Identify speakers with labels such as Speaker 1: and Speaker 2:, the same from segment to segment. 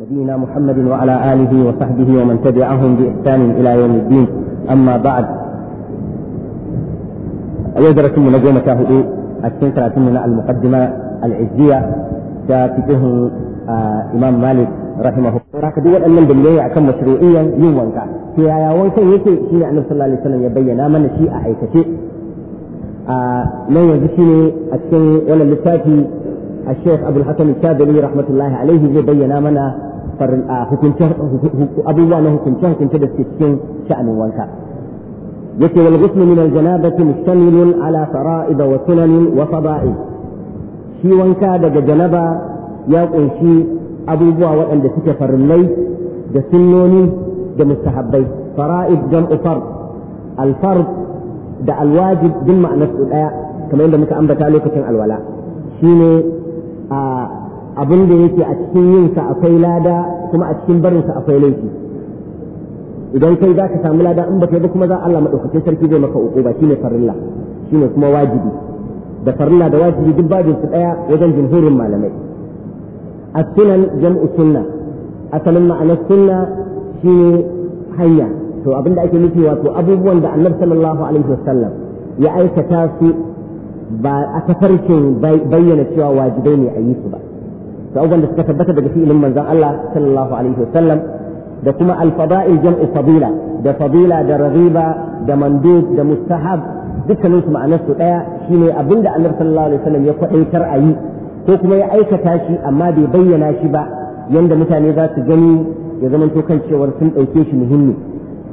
Speaker 1: نبينا محمد وعلى آله وصحبه ومن تبعهم بإحسان إلى يوم الدين أما بعد يدرس من نجوم شاهدوا السنة ثلاثين المقدمة العزية تاتيه آه إمام مالك رحمه الله دول أن من بالله أكم مشروعيا يوم يوانكا في يا آية وانكا يكي شيء عن يعني صلى الله عليه وسلم يبين من شيء أي شيء لا آه، يزشني أكثر ولا اللي الشيخ أبو الحسن الشاذلي رحمة الله عليه يبين منا a abubuwa na hukunce hukunce da suke cikin sha'anin wanka yake wal ghusl min al janabati mustamilun ala fara'id wa sunan wa fada'i shi wanka daga janaba ya kunshi abubuwa waɗanda suke farillai da sunnoni da mustahabbai fara'id jam'u fard al fard da al wajib din ma'anar su daya kamar yadda muka ambata lokacin alwala shine a abin da yake a cikin yinsa akwai lada kuma a cikin barinsa akwai laifi idan kai za ka samu lada in ba kai ba kuma za Allah maɗaukakin sarki zai maka uku ba shine farilla ne kuma wajibi da farilla da wajibi duk babin su ɗaya wajen jumhurin malamai as-sunan jam'u sunna asalin ma'anar sunna shine hanya to abinda ake nufi wato abubuwan da annabi sallallahu alaihi wasallam ya aikata su ba a tafarkin bayyana cewa wajibai ne a yi su ba da abubuwan da suka tabbata daga fi'ilin manzon Allah sallallahu alaihi wasallam da kuma al-fada'il jam'u fadila da fadila da raghiba da mandub da mustahab dukkanin su ma'anar su daya shine abinda Annabi sallallahu alaihi wasallam ya kwadaitar a yi ko kuma ya aikata shi amma bai bayyana shi ba yanda mutane za su gani ya zama to kan cewar sun dauke shi muhimmi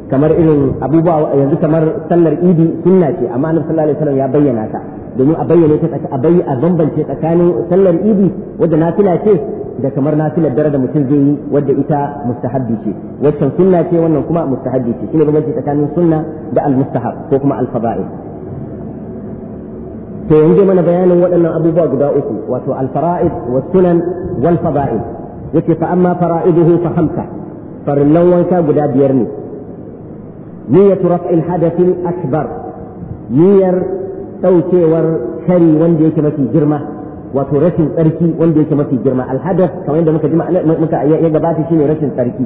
Speaker 1: kamar irin abubuwa yanzu kamar sallar idi sunna ce amma Annabi sallallahu alaihi wasallam ya bayyana ta domin a bayyane ta a bayyana a bambance tsakanin sallar idi wadda nafila ce da kamar nafilar dare da mutum zai yi wadda ita mustahabbi ce waccan sunna ce wannan kuma mustahabbi ce shine bambanci tsakanin sunna da al-mustahab ko kuma al-fada'il to yanzu mana bayanin waɗannan abubuwa guda uku wato al-fara'id was sunan wal fada'il yace fa amma fara'iduhu fa hamsa farillan wanka guda biyar ne niyyatu raf'il hadathil akbar niyyar ɗaukewar kari wanda yake mafi girma wato rashin tsarki wanda yake mafi girma alhadas kamar yadda muka ji muka ya gabata shine rashin tsarki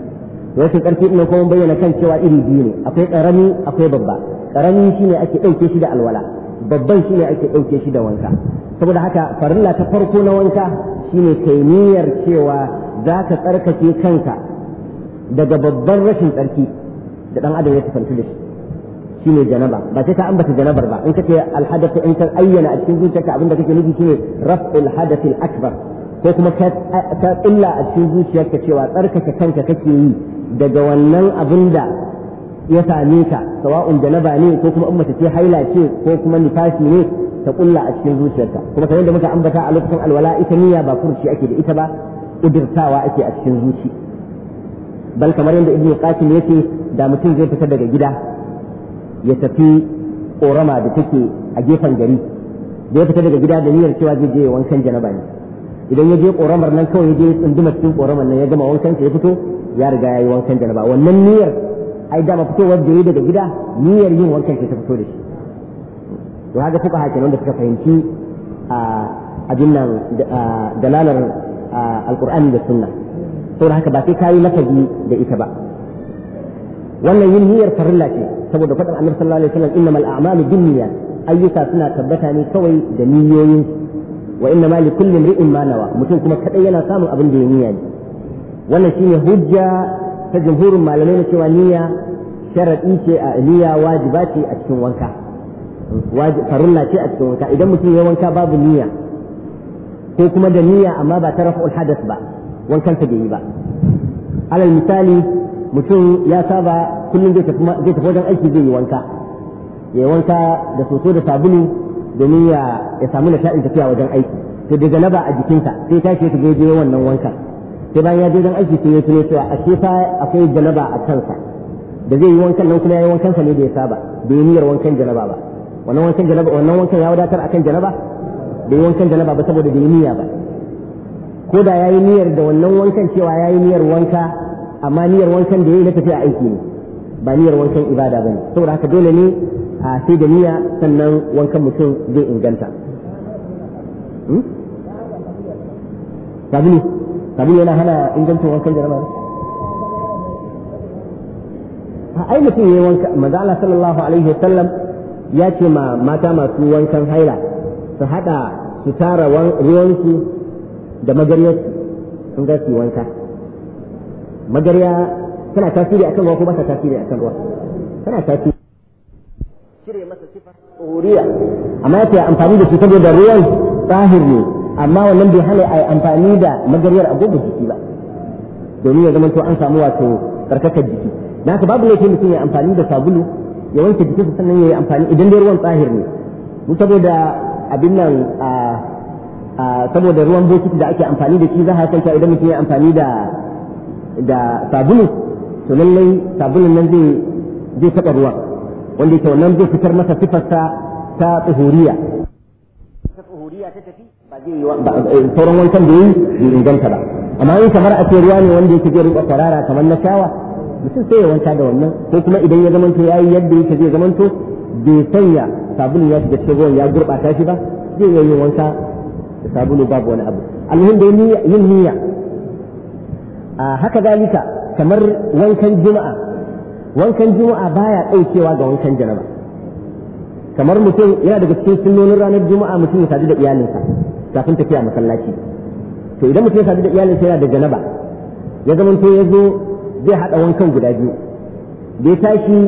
Speaker 1: rashin tsarki ina kuma bayyana kan cewa iri biyu ne akwai karami akwai babba karami shine ake ɗauke shi da alwala babban shine ake ɗauke shi da wanka saboda haka farilla ta farko na wanka shine kai niyyar cewa za ka tsarkake kanka daga babban rashin tsarki da ɗan adam ya tafanci da shi shine janaba ba sai ta ambata janabar ba in kace alhadath in ka ayyana a cikin zuciyarka abinda kake nufi shine raf'ul hadath akbar ko kuma ka illa a cikin zuciyarka cewa tsarkake kanka kake yi daga wannan abinda ya same ka sawa'un janaba ne ko kuma ummata ce haila ce ko kuma nifasi ne ta kulla a cikin zuciyarka kuma kamar yadda muka ambata a lokacin alwala ita niyya ba furci ake da ita ba kudirtawa ake a cikin zuci bal kamar yadda ibnu qasim yake da mutum zai fita daga gida ya tafi ƙorama da take a gefen gari da ya fita daga gida da niyyar cewa zai je wankan janaba ne idan ya je koramar nan kawai ya je tsunduma cikin koramar nan ya gama wankan ya fito ya riga ya yi wankan janaba wannan niyyar ai dama fitowar da ya daga gida niyyar yin wankan ta fito da shi to haka fuka hakin wanda suka fahimci a abin nan dalalar alqur'ani da sunna saboda haka ba sai kayi lafazi da ita ba wannan yin niyyar farilla ce saboda faɗin annabi sallallahu alaihi wasallam innamal a'malu binniya ayyuka suna tabbata ne kawai da niyoyin wa inna ma likulli imri'in ma nawa mutum kuma kadai yana samun abin da ya niyya ne wannan shine hujja ta jumhurin malamai na cewa niyya sharadi ce a niyya wajiba ce a cikin wanka farilla ce a cikin wanka idan mutum ya wanka babu niyya ko kuma da niyya amma ba ta rafa hadas ba wankan ta bai yi ba alal misali mutum ya saba kullum zai tafi wajen aiki zai yi wanka ya yi wanka da soso da sabulu domin ya samu nishaɗin tafiya wajen aiki to daga naba a jikinsa sai ta ce ta je wannan wanka sai bayan ya je wajen aiki sai ya tuno cewa a ce fa akwai janaba a kansa da zai yi wankan nan kuma ya yi wankan wankansa ne da ya saba bai yi niyyar wankan janaba ba wannan wankan janaba wannan wankan ya wadatar akan janaba bai yi wankan janaba ba saboda bai yi niyya ba ko da ya yi niyyar da wannan wankan cewa ya yi niyyar wanka amma niyyar wankan da yayi na tafiya aiki ne ba niyyar wankan ibada bane saboda haka dole ne a sai da niyya sannan wankan mutum zai inganta sabulu hmm? sabulu yana hana ingancin wankan jarabar. a ai mutum yayi wanka manzo Allah sallallahu alaihi wasallam ya ce ma mata masu wankan haila su hada su tara ruwansu da magariyarsu sun gasi wanka magarya tana tasiri akan ruwa ko ba ta tasiri akan ruwa tana tasiri
Speaker 2: cire masa sifar tsohuriya
Speaker 1: amma ya amfani da shi da ruwan tsahir ne amma wannan bai hana a amfani da magaryar agogon jiki ba domin ya zama to an samu wato karkakar jiki na haka babu laifin mutum ya amfani da sabulu ya wanke jikinsa sannan ya yi amfani idan dai ruwan tsahir ne mu saboda abin nan a saboda ruwan bokiti da ake amfani da shi za a kai idan mutum ya amfani da da sabulu to lallai sabulun nan zai zai taɓa ruwa wanda yake wannan zai fitar masa sifar ta tsuhuriya ta tsuhuriya ta tafi ba zai yi eh, sauran wankan da yi bai inganta ba amma in kamar a ce ruwa ne wanda yake zai rinka tarara kamar na shawa mutum sai ya wanka da wannan ko kuma idan ya zamanto ya yi yadda yake zai zamanto bai sanya sabulun ya shiga cikin ruwan ya gurɓata shi ba zai iya yin wanka da sabulu babu wani abu alhamdulillah yin niyya haka zalika kamar wankan juma'a wankan juma'a baya ɗaukewa ga wankan janaba kamar mutum yana daga cikin sunnonin ranar juma'a mutum ya sadu da iyalinsa kafin tafiya masallaci to idan mutum ya sadu da iyalinsa yana da janaba ya zama to ya zo zai haɗa wankan guda biyu da ya tashi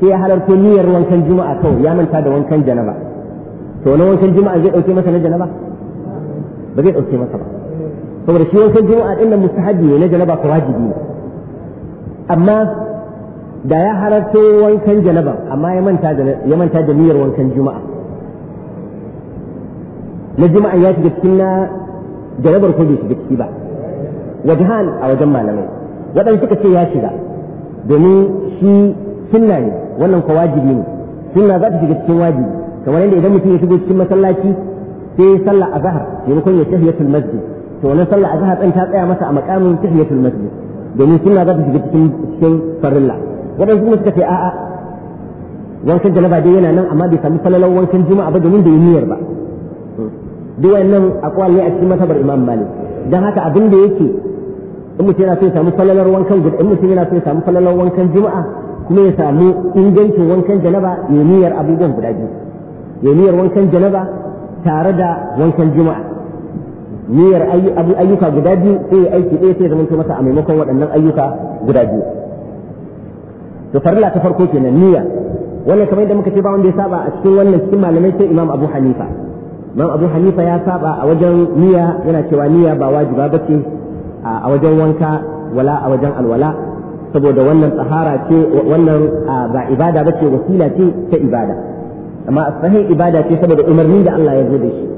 Speaker 1: sai ya halarta niyyar wankan juma'a kawai ya manta da wankan janaba to wani wankan juma'a zai ɗauke masa na janaba ba zai ɗauke masa ba saboda shi wankan juma'a din nan mustahabi ne na janaba ko wajibi ne amma da ya halarto wankan janaba amma ya manta da ya manta da niyyar wankan juma'a na juma'a ya shiga cikin na jarabar ko bai shiga ciki ba wajhan a wajen malamai waɗanda suka ce ya shiga domin shi sunna ne wannan ko wajibi ne sunna za ta shiga cikin wajibi kamar yadda idan mutum ya shiga cikin masallaci sai sallah azhar maimakon ya tahiyatul masjid to wannan sallah azhar din ta tsaya masa a makamin tahiyatul masjid domin sunna za ta shiga cikin cikin farilla wadansu kuma suka ce a'a wankan janaba dai yana nan amma bai sami falalar wankan juma'a ba domin bai yi niyyar ba duk wannan akwal ne a cikin matabar imam malik dan haka abin da yake in mutum yana so ya samu falalar wankan guda in mutum yana so ya samu falalar wankan juma'a kuma ya samu ingancin wankan janaba ya niyyar abubuwan guda biyu ya niyyar wankan janaba tare da wankan juma'a niyyar ayyuka guda biyu sai aiki ɗaya sai zama masa a maimakon waɗannan ayyuka guda biyu to farilla ta farko kenan niyya wannan kamar yadda muka ce ba wanda ya saba a cikin wannan cikin malamai sai imam abu hanifa imam abu hanifa ya saba a wajen niyya yana cewa niyya ba wajiba ba ce a wajen wanka wala a wajen alwala saboda wannan tsahara ce wannan ba ibada ba ce wasila ce ta ibada amma sahih ibada ce saboda umarni da Allah ya zo da shi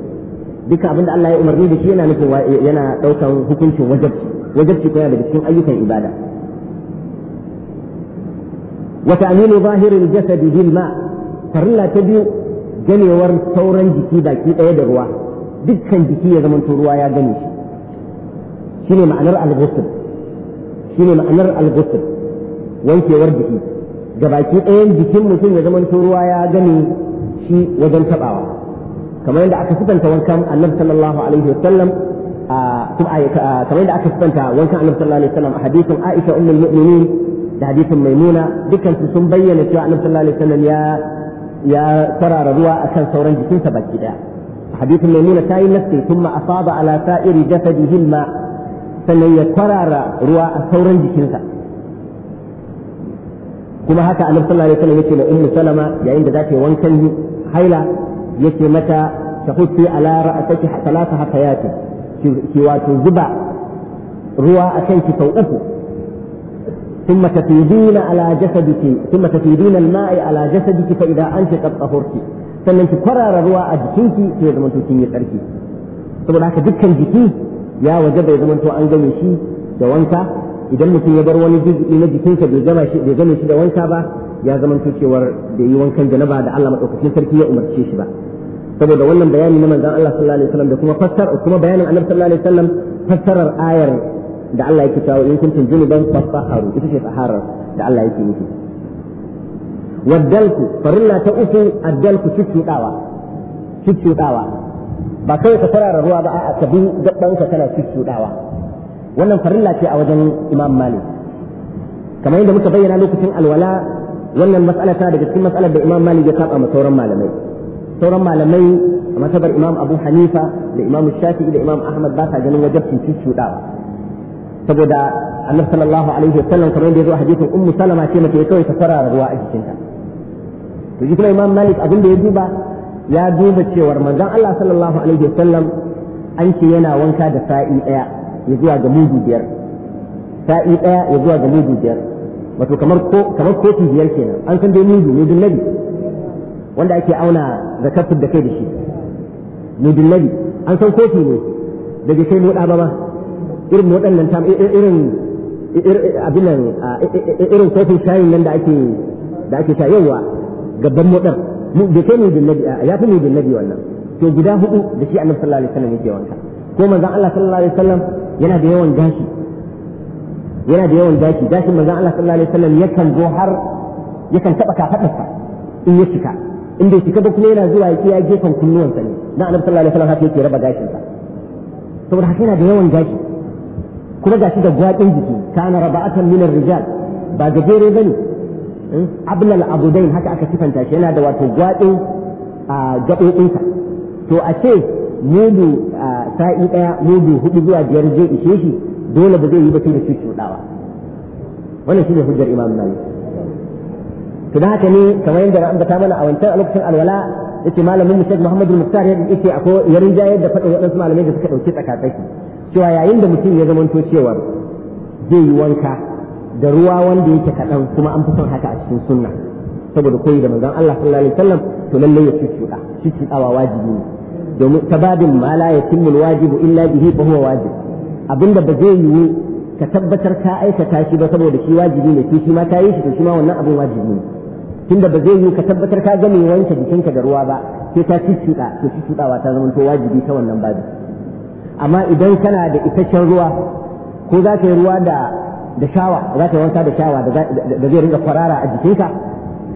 Speaker 1: duka abinda Allah ya umarni da shi yana nufin yana daukan hukuncin wajabci wajabci kuma daga cikin ayyukan ibada wa ta'milu zahiril jasadi bil ma farilla ta biyu ganewar sauran jiki baki daya da ruwa dukkan jiki ya zama ruwa ya gane shi shine ma'anar al-ghusl shine ma'anar al-ghusl wankewar jiki gabaki ɗayan jikin mutum ya zama ruwa ya gane shi wajen taɓawa. kamar yadda aka sifanta wankan annabi sallallahu alaihi wa wasallam kamar yadda aka sifanta wankan annabi sallallahu alaihi wa wasallam a hadisin Aisha ummul mu'minin da hadisin Maimuna dukkan su sun bayyana cewa annabi sallallahu alaihi wasallam ya ya tarara ruwa akan sauran jikinsa baki daya hadisin Maimuna ta yi nasti thumma asaba ala sa'iri jasadihi ma sannan ya tarara ruwa a sauran jikinsa kuma haka annabi sallallahu alaihi wa sallam yake da ummu salama yayin da za ta yi wankan haila yace mata ta hufi ala ra'ataki talata hakayatin ki wato zuba ruwa a kanki sau uku ثم تفيضين على جسدك ثم تفيضين الماء على جسدك فإذا أنت قد طهرت sannan ki kwarara ruwa a jikinki sai ya zamanto kin yi tsarki saboda haka dukkan jiki ya waje bai zamanto an gane shi da wanka idan mutum ya bar wani jiki na jikinsa bai gama shi bai gane shi da wanka ba ya zama cewar da yi wankan janaba da Allah madaukakin sarki ya umarce shi ba saboda wannan bayani na manzon Allah sallallahu alaihi wasallam da kuma fassar kuma bayanin Annabi sallallahu alaihi wasallam fassarar ayar da Allah yake cewa in kuntum junuban fatahharu ita ce taharar da Allah yake nufi waddalku farilla ta uku addalku ciccidawa ciccidawa ba kai ka tarara ruwa ba a ka bi gabanka kana ciccidawa wannan farilla ce a wajen Imam Malik kamar yadda muka bayyana lokacin alwala wannan mas'ala ta daga cikin mas'alar da Imam Malik ya saba ma sauran malamai sauran malamai a matabar Imam Abu Hanifa da Imam Shafi'i da Imam Ahmad ba ta ganin wajen wajibcin cuccuɗawa saboda Annabi sallallahu alaihi sallam kamar yadda ya zo a hadisin Ummu Salama ce mace kawai ta fara ruwa a jikinta to shi kuma Imam Malik abin da ya duba ya duba cewar manzon Allah sallallahu alaihi sallam an ce yana wanka da sa'i daya ya zuwa ga mudu biyar sa'i daya ya zuwa ga mudu biyar wato kamar ko kamar kofi biyar kenan an san dai mudu mudun nabi wanda ake auna zakatul da kai da shi mudun nabi an san kofi ne da bai kai moda ba ba irin modan nan ta irin abin nan irin kofin shayin nan da ake da ake ta yawa gaban modar bai kai mudun nabi ya fi mudun nabi wannan to guda hudu da shi annabi sallallahu alaihi wasallam yake wanka ko manzon Allah sallallahu alaihi wasallam yana da yawan gashi yana da yawan gashi gashin manzon Allah sallallahu alaihi wasallam yakan zo har yakan taba kafadarsa in ya cika in bai cika ba kuma yana zuwa ya kiya gefen kunnuwan sa ne na annabi sallallahu alaihi wasallam haka yake raba gashin sa saboda haka yana da yawan gashi kuma gashi da gwaƙin jiki kana raba'atan min rijal ba gajere bane hmm? ablal abudain haka aka sifanta shi yana da wato gwaƙin gaɓoɓinsa to a ce mudu sa'i ɗaya mudu hudu zuwa biyar zai ishe shi dole ba zai yi ba sai da cuɗawa wannan shine hujjar imam malik to da haka ne kamar yadda na ambata mana a wancan a lokacin alwala yace malamin mu Sheikh Muhammad al-Muftar yace akwai yarin jayar da faɗin waɗansu malamai da suka ɗauki tsakatsaki cewa yayin da mutum ya zamanto cewa zai yi wanka da ruwa wanda yake kaɗan kuma an fi son haka a cikin sunna saboda koyi da manzon Allah sallallahu alaihi wasallam to lallai ya cuɗa shi cuɗawa wajibi ne domin tabadin ma la yatimmu al illa bihi fa huwa wajib abinda ba zai yiwu ka tabbatar ka aikata shi ba saboda shi wajibi ne shi ma ka yi shi to shi ma wannan abin wajibi ne tunda ba zai yiwu ka tabbatar ka game wanke jikinka da ruwa ba sai ka cuccuɗa to cuccuɗawa ta zama to wajibi ta wannan babu amma idan kana da itaccen ruwa ko za ka yi ruwa da da shawa za ka yi wanka da shawa da zai rinka kwarara a jikinka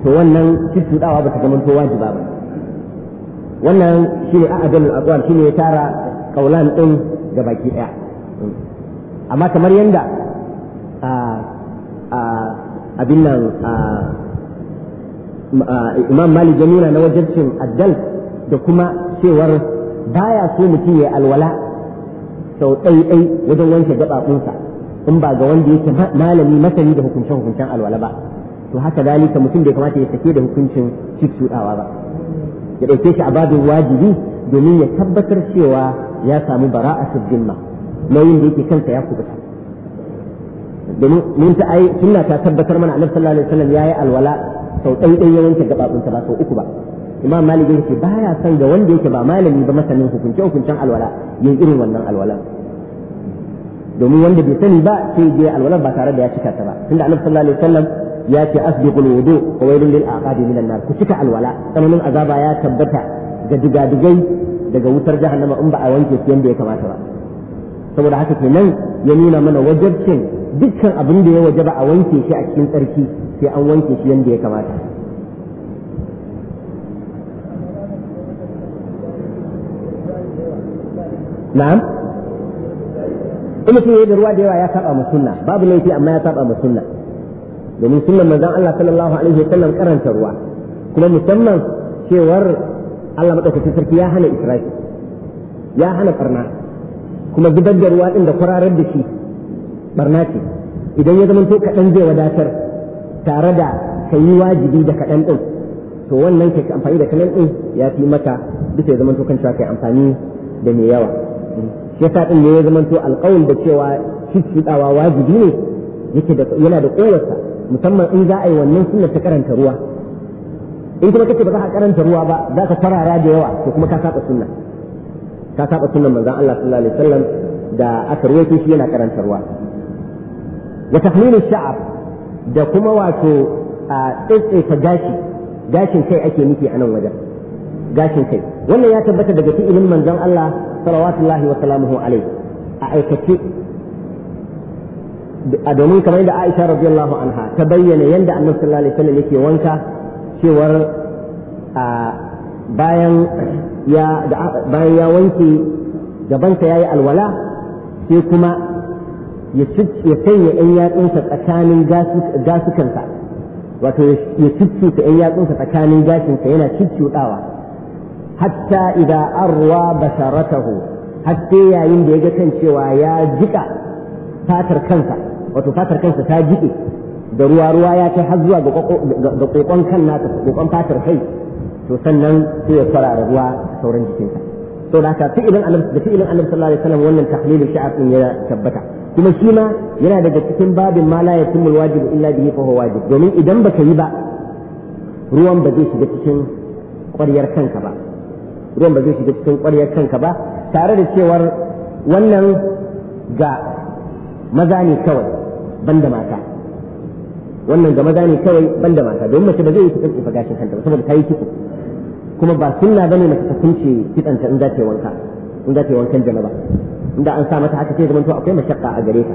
Speaker 1: to wannan cicciɗawa ba ta zama to wajiba ba wannan shi shine a'adalul aqwal ne ya tara kaulan din ga baki daya amma kamar yadda abin nan imam malik jamila na wajabcin addal da kuma cewar baya so mutum ya alwala sau ɗai wajen wanke gaɓaɓunsa in ba ga wanda yake malami masani da hukuncen hukuncen alwala ba to haka dalika mutum bai kamata ya sake da hukuncin cik ba ya ɗauke shi a babin wajibi domin ya tabbatar cewa ya samu sabbin jimma nauyin da yake kansa ya kubuta domin mun ta ai sunna ta tabbatar mana annabi sallallahu alaihi wasallam yayi alwala sau ɗan ɗan ya ta gababunsa ba sau uku ba imam malik yake baya san ga wanda yake ba malami ba masanin hukunce hukuncen alwala yin irin wannan alwala domin wanda bai sani ba sai je alwala ba tare da ya cika ta ba tunda annabi sallallahu alaihi wasallam ya ce asbiqul wudu wa waylun lil aqabi minan nar ku cika alwala tsananin azaba ya tabbata ga digadigai daga wutar jahannama in ba a wanke su yanda ya kamata ba saboda haka nan ya nuna mana wajabcin dukkan abin da ya wajaba a wanke shi a cikin tsarki sai an wanke shi yadda ya kamata na'am in mutum ya yi da ruwa da yawa ya saba mu sunna babu laifi amma ya saba mu sunna domin sunnan manzon Allah sallallahu alaihi wasallam karanta ruwa kuma musamman cewar Allah madaukakin sarki ya hana israfi ya hana farna kuma zubar da ruwa ɗin da kwararar da shi barna ce idan ya zama to kaɗan zai wadatar tare da ka yi wajibi da kaɗan ɗin to wannan ke amfani da kaɗan ɗin ya fi maka bisa ya zama to kan cewa ka amfani da mai yawa shi yasa ɗin ne ya zama to da cewa cicciɗawa wajibi ne yake da yana da ƙowarsa musamman in za a yi wannan sunna ta karanta ruwa in kuma kace ba za ka karanta ruwa ba za ka tarara da yawa to kuma ka saba sunna ta saba sunan manzon Allah sallallahu alaihi wasallam da aka ruwaito shi yana karantarwa wa tahlilu sha'ab da kuma wato tsitsaita gashi gashin kai ake nufi a nan wajen gashin kai wannan ya tabbata daga fi'ilin manzon Allah sallallahu wa sallamuhu alaihi a aikace a domin kamar yadda Aisha radiyallahu anha ta bayyana yadda Annabi sallallahu alaihi wasallam yake wanka cewar bayan ya bayan ya wanke gabansa ya yi alwala sai kuma ya sanya ‘yan yatsunsa tsakanin gasukansa wato ya ciccice ‘yan yatsunsa tsakanin gashinsa yana cicciɗawa hatta idan arwa basharatahu hatta yayin da ya ga kan cewa ya jika fatar kansa wato fatar kansa ta jike da ruwa ruwa ya kai har zuwa ga kokon kan nata kokon fatar kai to sannan sai ya fara a sauran jikinsa to da haka fi'ilin annabi da fi'ilin annabi sallallahu alaihi wasallam wannan tahlilin sha'ab din ya tabbata kuma shi ma yana daga cikin babin ma la yatimul wajib illa bihi fa huwa wajib domin idan baka yi ba ruwan ba zai shiga cikin ƙwaryar kanka ba ruwan ba zai shiga cikin ƙwaryar kanka ba tare da cewar wannan ga maza ne kawai banda mata wannan ga maza ne kawai banda mata domin mace ba zai yi kitso gashin kanta ba saboda ta yi kitso kuma ba sunna bane mace ta kunce kitsanta in za ta wanka in za ta wankan janaba inda an sa mata haka sai zamanto akwai mashakka a gare ta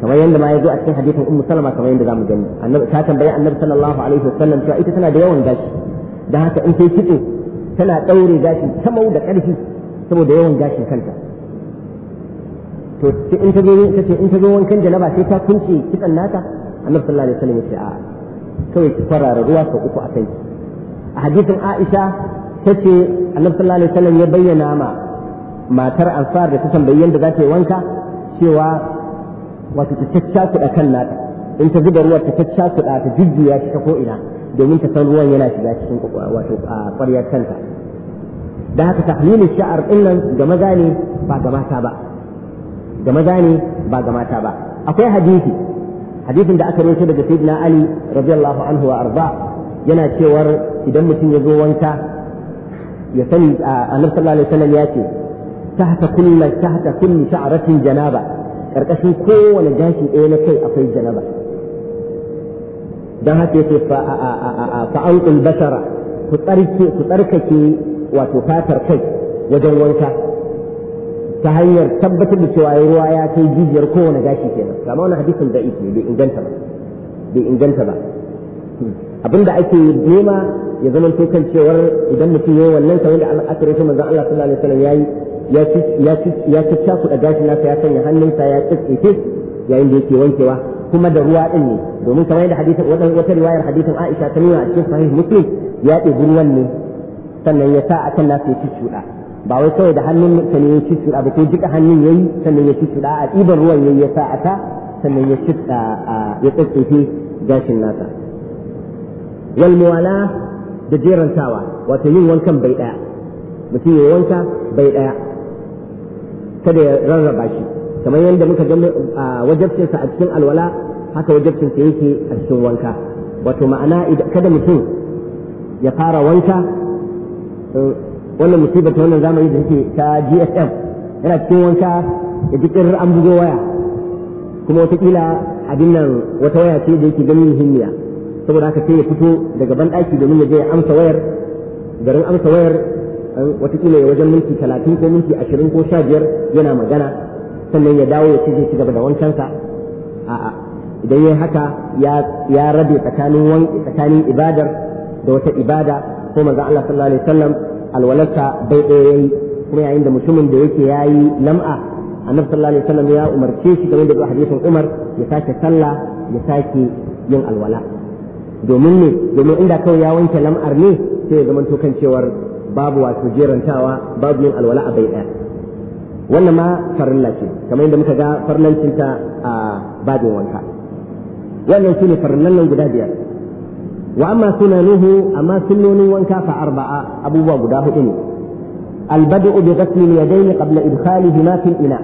Speaker 1: kamar yadda ma yazo a cikin hadisin ummu salama kamar yadda zamu gani annabi ta tambaye annabi sallallahu alaihi wasallam cewa ita tana da yawan gashi da haka in sai kitse tana daure gashi samau da karfi saboda yawan gashin kanta to sai in ta zo ta ce in ta zo wankan janaba sai ta kunce kitsan nata annabi sallallahu alaihi wasallam ya ce a'a kawai ki fara ruwa sau uku a kai a hadisin Aisha tace annabi sallallahu alaihi wasallam ya bayyana ma matar ansar da ta tambayi yadda za ta yi wanka cewa wato ta caccakuɗa kan nata in ta zuba ruwa ta caccakuɗa ta jujjuya shi ta ko'ina domin ta san ruwan yana shiga cikin wato ƙwaryar kanta da haka tahlilin sha'ar ɗin nan ga maza ne ba ga mata ba ga maza ne ba ga mata ba akwai hadisi hadisin da aka rawaito daga sayyidina ali radiyallahu anhu wa arda yana cewar idan mutum ya zo wanka ya sani annabi sallallahu alaihi wasallam ya ce tahta kulli tahta kulli sha'ratin janaba karkashin kowane gashi ɗaya na kai akwai janaba dan haka yace fa fa anqul basara ku tsarke ku tsarkake wato fatar kai wajen wanka ta hanyar tabbatar da cewa ruwa ya kai jijiyar kowane gashi kenan kama wani hadisin da ne bai inganta ba bai inganta ba hmm. abinda ake nema ya zama to kan cewar idan mutum yayi wannan kamar da Allah aka rufe manzon Allah sallallahu alaihi wasallam yayi ya ya ya ta kuɗa gashin nasa ya sanya hannunsa ya tsitse yayin da yake wankewa kuma da ruwa din ne domin kamar yadda hadisin wata riwayar hadisin Aisha ta nuna a cikin sahih Muslim ya ɗebi ruwan ne sannan ya sa akan nasa ya cuɗa ba wai kawai da hannun sa ne ya cuɗa ba ko jika hannun yayi sannan ya cuɗa a ɗiban ruwan yayi ya sa aka sannan ya cuɗa ya tsitse gashin nasa wal muwala da jerantawa wato yin wankan bai daya mutum ya wanka bai daya kada ya rarraba shi kamar yadda muka ga wajabcinsa a cikin alwala haka wajabcinsa yake a cikin wanka wato ma'ana kada mutum ya fara wanka eh, wannan musiba ta wannan zamani da take ta GSM yana cikin wanka ya ji an bugo waya kuma kila abin nan wata waya ce da yake ganin himmiya. saboda haka sai ya fito daga banɗaki domin ya je ya amsa wayar garin amsa wayar watakila ya wajen minti talatin ko minti ashirin ko sha biyar yana magana sannan ya dawo ya ce zai ci gaba da wancansa a'a idan ya haka ya rabe tsakanin wanki tsakanin ibadar da wata ibada ko manzo Allah sallallahu alaihi wasallam alwalarsa bai ɗaya yayi kuma yayin da mutumin da yake yayi lam'a annabi sallallahu alaihi wasallam ya umarce shi kamar da hadisin Umar ya sake sallah ya sake yin alwala domin ne domin inda kawai ya wanke lam'ar ne sai ya zamanto kan cewar babu wato jerantawa babu yin alwala a bai ɗaya wannan ma farilla ce kamar yadda muka ga farillancinta a babin wanka wannan su ne farillan lallan guda biyar wa amma nuhu amma sunnonin wanka fa arba'a abubuwa guda hudu ne البدء ya اليدين kabla إدخالهما himafin ina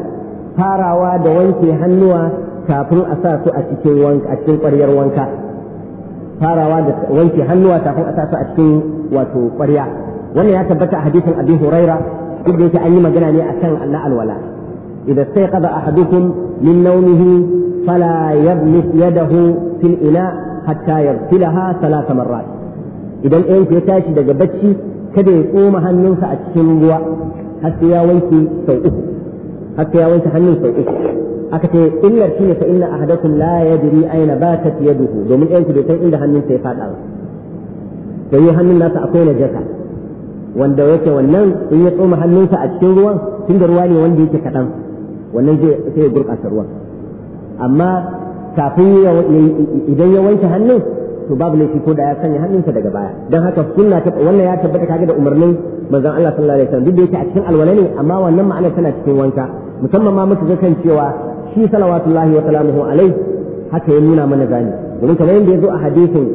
Speaker 1: farawa da wanke hannuwa kafin a sa su a cikin ƙwaryar wanka farawa da wanke hannuwa kafin a sa a cikin wato ƙwarya wannan ya tabbata a hadisin abi huraira duk da yake an yi magana ne akan na alwala idan sai qada ahadukum min nawmihi fala yablis yadahu fil ina hatta yarsilaha thalath marrat idan ɗayan ya tashi daga bacci kada ya tsoma hannunsa a cikin ruwa har sai ya wanke sau uku har sai ya wanke hannun sau uku aka ce illar shine fa inna ahadakum la yadri aina batat yaduhu domin ɗayan ku bai san inda hannunsa ya faɗa ba da yi hannun nasa akwai na najasa wanda yake wannan in ya tsoma hannunsa a cikin ruwan tunda ruwa ne wanda yake kaɗan wannan zai sai ya gurɓata ruwan amma kafin idan ya wanke hannun to babu laifi ko da ya sanya hannunsa daga baya don haka sunna ta wannan ya tabbata kaga da umarnin manzon Allah sallallahu alaihi wasallam duk da yake a cikin alwala ne amma wannan ma'anar tana cikin wanka musamman ma muka ga kan cewa shi salawatullahi wa salamuhu alai haka ya nuna mana gani domin kamar yadda ya zo a hadisin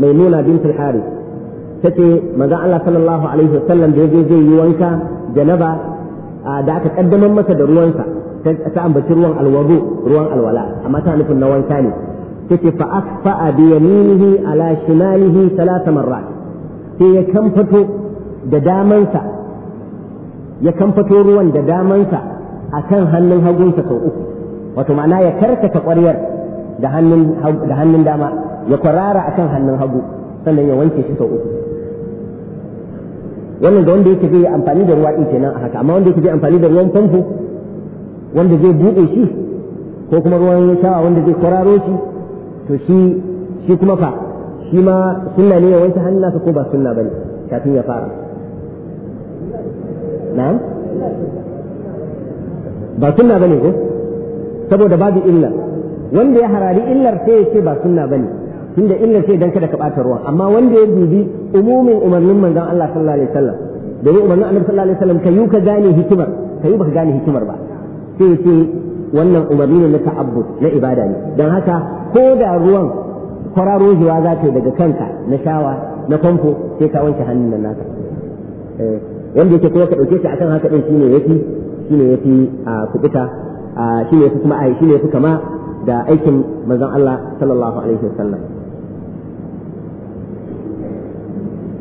Speaker 1: mai nuna bintul haris tace manzon Allah sallallahu alaihi wa sallam da yaje zai yi wanka janaba da aka kaddamar masa da ruwansa ta ambaci ruwan alwaru ruwan alwala amma ta nufin na wanka ne tace fa asfa bi yaminihi ala shimalihi thalatha marrat sai ya kamfato da damansa ya kamfato ruwan da damansa akan hannun hagunsa sau uku wato ma'ana ya karkata ƙwaryar da hannun da hannun dama ya kwarara a kan hannun hagu sannan ya wanke shi sau uku wannan da wanda yake zai amfani da ruwa din kenan a haka amma wanda yake zai amfani da ruwan famfo wanda zai buɗe shi ko kuma ruwan shawa wanda zai kwararo shi to shi shi kuma fa shi ma sunna ne ya wanke hannun nasa ko ba sunna ne kafin ya fara na'am ba sunna bane ko saboda babu illa wanda ya harari illar sai ya ce ba sunna bane tunda illar sai dan kada ka bata ruwa amma wanda ya dubi umumin umarnin manzon Allah sallallahu alaihi wasallam domin umarnin annabi sallallahu alaihi wasallam kayu ka gane hikimar kayu baka gane hikimar ba sai ya ce wannan umarni ne na ta'abbud na ibada ne dan haka ko da ruwan kwararo zuwa za ta daga kanka na shawa na famfo sai ka wanke hannun nan naka eh, wanda yake kuma ka dauke shi akan haka din shine yafi shine yafi a ah, kubuta shi ne kuma a shi ne fi kama da aikin manzon Allah sallallahu alaihi wasallam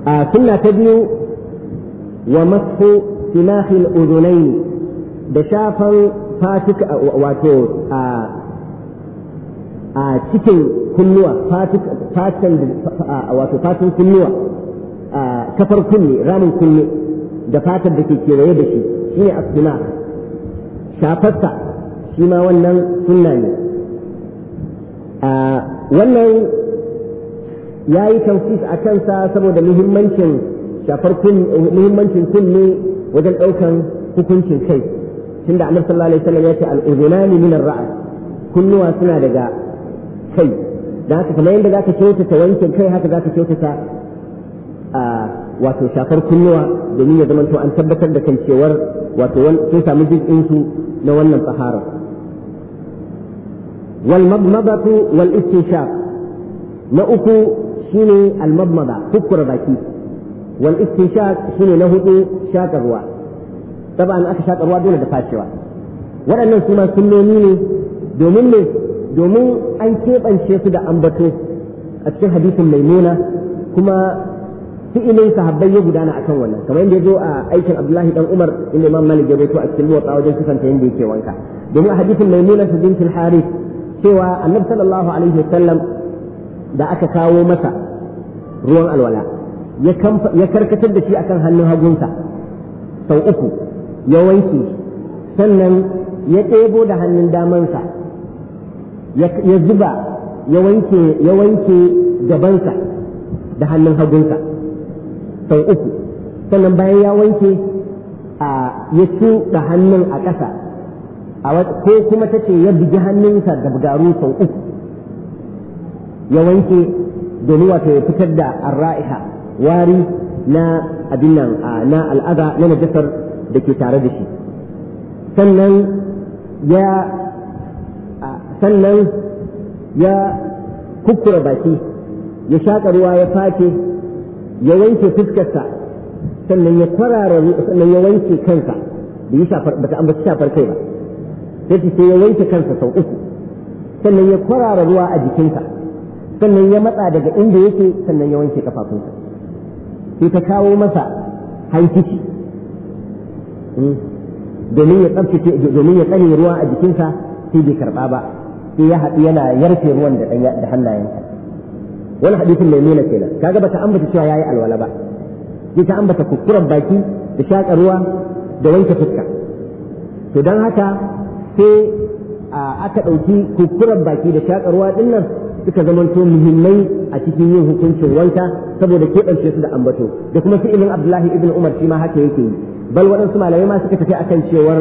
Speaker 1: a sunna ta biyu wa masu silahil udunain da shafan fatuka wato a a cikin kunnuwa fatan wato fatan kunnuwa kafar kunne ramin kunne da fatar da ke kewaye da shi shine asbila shafarsa shi ma wannan sunna ne wannan ya yi tawfif a kansa saboda muhimmancin shafar muhimmancin kunne wajen ɗaukan hukuncin kai tunda annabi sallallahu alaihi wasallam ya ce al-udhunani min ar kunnuwa suna daga kai da haka kamar yadda zaka kyautata wankin kai haka zaka kyautata a wato shafar kunnuwa domin ya zama to an tabbatar da kan cewar wato sun samu jiz'in na wannan tsahara والمضمضة والاستنشاق نأكو شيني المضمضة فكر باكي والاستنشاق شيني نهدو شاك الروا طبعا أكا شاك الروا دون دفاشوا waɗannan su ma sunnoni ne domin ne domin an keɓance su da ambato a cikin hadisin maimuna kuma fi'ilin sahabbai ya gudana akan wannan kamar da ya zo a aikin abdullahi dan umar inda imam malik ya rawaito a cikin muwatta wajen kusanta yadda yake wanka domin a hadisin maimuna ta bintul harith cewa annabi sallallahu alaihi sallam da aka kawo masa ruwan alwala ya karkatar da shi akan hannun hagunsa sau uku ya wanke sannan ya ɗebo da hannun damansa ya zuba ya wanke gabansa da hannun hagunsa sau uku sannan bayan ya wanke ya cuɗa hannun a ƙasa ko kuma ta ce ya bugi hannunsa da bugaru sau uku ya wanke domin wata ya fitar da arra'iha wari na abin nan na al'ada na najasar da ke tare da shi sannan ya sannan ya kukkura baki ya shaƙa ruwa ya face ya wanke fuskarsa sannan ya kwarara sannan ya wanke kansa bai shafar bata ambaci shafar kai ba sai sai ya wanke kansa sau uku sannan ya kwarara ruwa a jikinsa sannan ya matsa daga inda yake sannan ya wanke kafafunsa sai ta kawo masa hankici hmm. domin ya tsabtace domin ya tsare ruwa a jikinsa sai bai karba ba sai ya haɗu yana yarfe ruwan da da hannayensa wani hadisin mai nuna kenan kaga bata ambata cewa yayi alwala ba sai ta ambata kukkuran baki da shaƙa ruwa da wanke fuska to don haka sai aka ɗauki kukuran baki da shakarwa ɗin nan suka zamanto muhimmai a cikin yin hukuncin wanka saboda keɓance su da ambato da kuma fi'ilin abdullahi ibn umar shi ma haka yake yi bal waɗansu malamai ma suka tafi akan cewar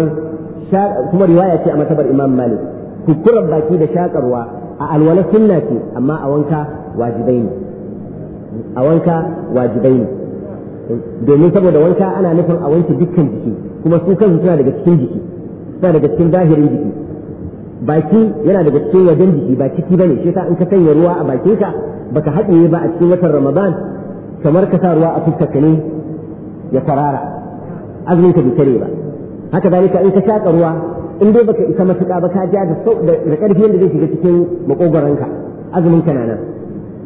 Speaker 1: kuma riwaya ce a matabar imam malik kukuran baki da shakarwa a alwala sunna ce amma a wanka wajibai ne a wanka wajibai ne domin saboda wanka ana nufin a wanke dukkan jiki kuma su kansu suna daga cikin jiki na daga cikin zahirin jiki baki yana daga cikin wajen jiki ba ciki bane shi yasa in ka sanya ruwa a bakin ka baka haɗiye ba a cikin watan Ramadan kamar ka sa ruwa a fuskarka ne ya kwarara azumin ka bai kare ba haka zalika in ka shaƙa ruwa in dai baka isa matuƙa ba ka ja da da ƙarfi zai shiga cikin ka azumin ka nan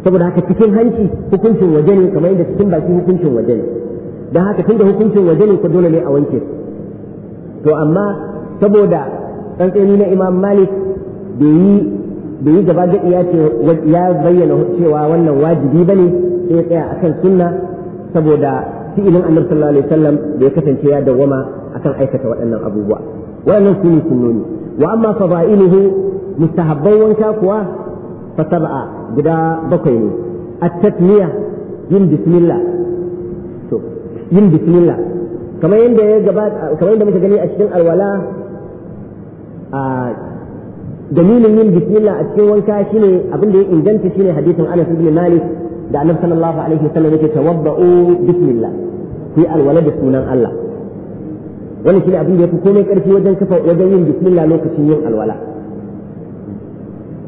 Speaker 1: saboda haka cikin hanci hukuncin waje ne kamar yadda cikin baki hukuncin waje ne don haka tunda hukuncin waje ne ka dole ne a wanke to amma saboda tsantseni na imam malik bai yi gaba gadi ya ya bayyana cewa wannan wajibi ba ne. sai ya tsaya kan sunna saboda fi'ilin annabi sallallahu alaihi wasallam da ya kasance ya dawwama akan aikata waɗannan abubuwa waɗannan su ne sunnoni wa amma fada'iluhu mustahabban wanka kuwa fa sab'a guda bakwai ne at tatmiya yin bismillah to yin bismillah kamar yadda ya gaba kamar yadda muka gani a cikin alwala dalilin yin bismillah a cikin wanka shine abin da ya inganta shine hadisin Anas ibn Malik da Annabi sallallahu alaihi wasallam yake tawabba'u bismillah ku yi alwala da sunan Allah wannan shine abin da yafi komai karfi wajen kafa wajen yin bismillah lokacin yin alwala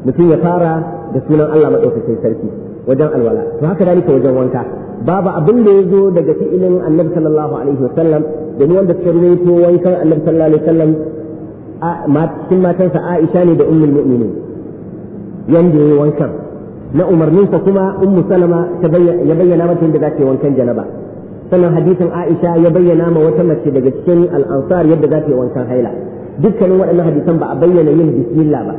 Speaker 1: mutum ya fara da sunan Allah madaukakin sarki wajen alwala to haka dalika wajen wanka babu abin da ya zo daga fi'ilin Annabi sallallahu alaihi wasallam da wanda suka ruwaito wankan Annabi sallallahu alaihi wasallam cikin matansa Aisha ne da ummul mu'minin yanda yayi wankan na umarninsa kuma ummu salama ya bayyana mata yadda za ta yi wankan janaba sannan hadisin Aisha ya bayyana ma wata mace daga cikin ansar yadda za ta yi wankan haila dukkanin waɗannan hadisan ba a bayyana yin bismillah ba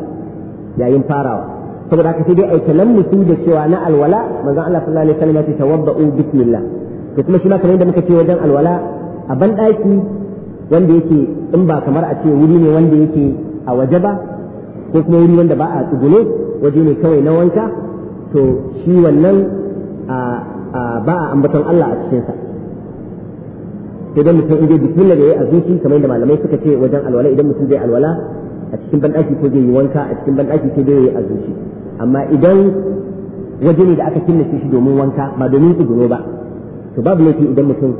Speaker 1: yayin farawa saboda haka sai dai aika nan su da cewa na alwala manzon Allah sallallahu alaihi wasallam ya ce tawabba'u bismillah to kuma shi ma kamar yadda muka ce wajen alwala a ban ɗaki wanda yake in ba kamar a ce wuri ne wanda yake a waje ba ko kuma wuri wanda ba a tsugune waje ne kawai na wanka to shi wannan ba a ambaton Allah a cikinsa sai dan mutum inda zai bismillah da yayi a zuci kamar yadda malamai suka ce wajen alwala idan mutum zai alwala a cikin banɗaki ko zai yi wanka a cikin banɗaki ko zai yi a zuci amma idan waje ne da aka killace shi domin wanka ba domin tsugune ba to babu laifi idan mutum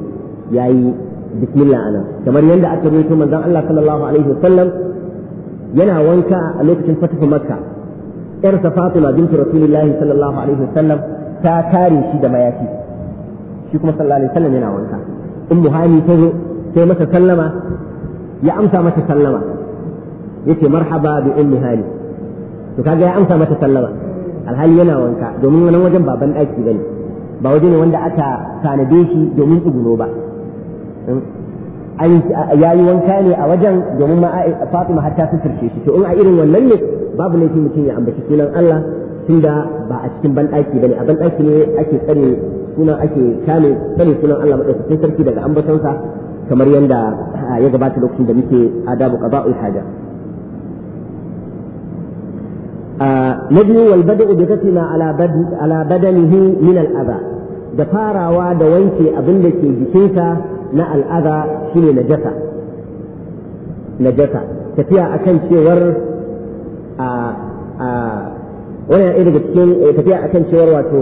Speaker 1: yayi bismillah ana kamar yadda aka rubuta manzon Allah sallallahu alaihi wasallam yana wanka a lokacin fatahu makka yarsa fatima bintu rasulillahi sallallahu alaihi wasallam ta kare shi da mayafi shi kuma sallallahu alaihi wasallam yana wanka ummu hani ta zo sai masa sallama ya amsa mata sallama yace marhaba bi ummi hani to kaga ya amsa mata sallama alhali yana wanka domin wannan wajen baban daki bane ba waje ne wanda aka tanade shi domin tsuguno ba ya yi wanka ne a wajen domin ma Fatima har ta sirce shi to in a irin wannan ne babu laifin mutum ya ambaci sunan Allah tunda ba a cikin banɗaki bane a banɗaki ne ake tsare sunan ake kame tsare sunan Allah madaukakin sarki daga ambatonsa kamar yadda ya gabata lokacin da muke adabu qada'ul haja na biyu wal bada'u bi ghasina ala bad ala badanihi min al adha da farawa da wanke abin da ke jikinsa na al'aza shine na jata tafiya akan cewar a a daga cikin eh, tafiya akan cewar wato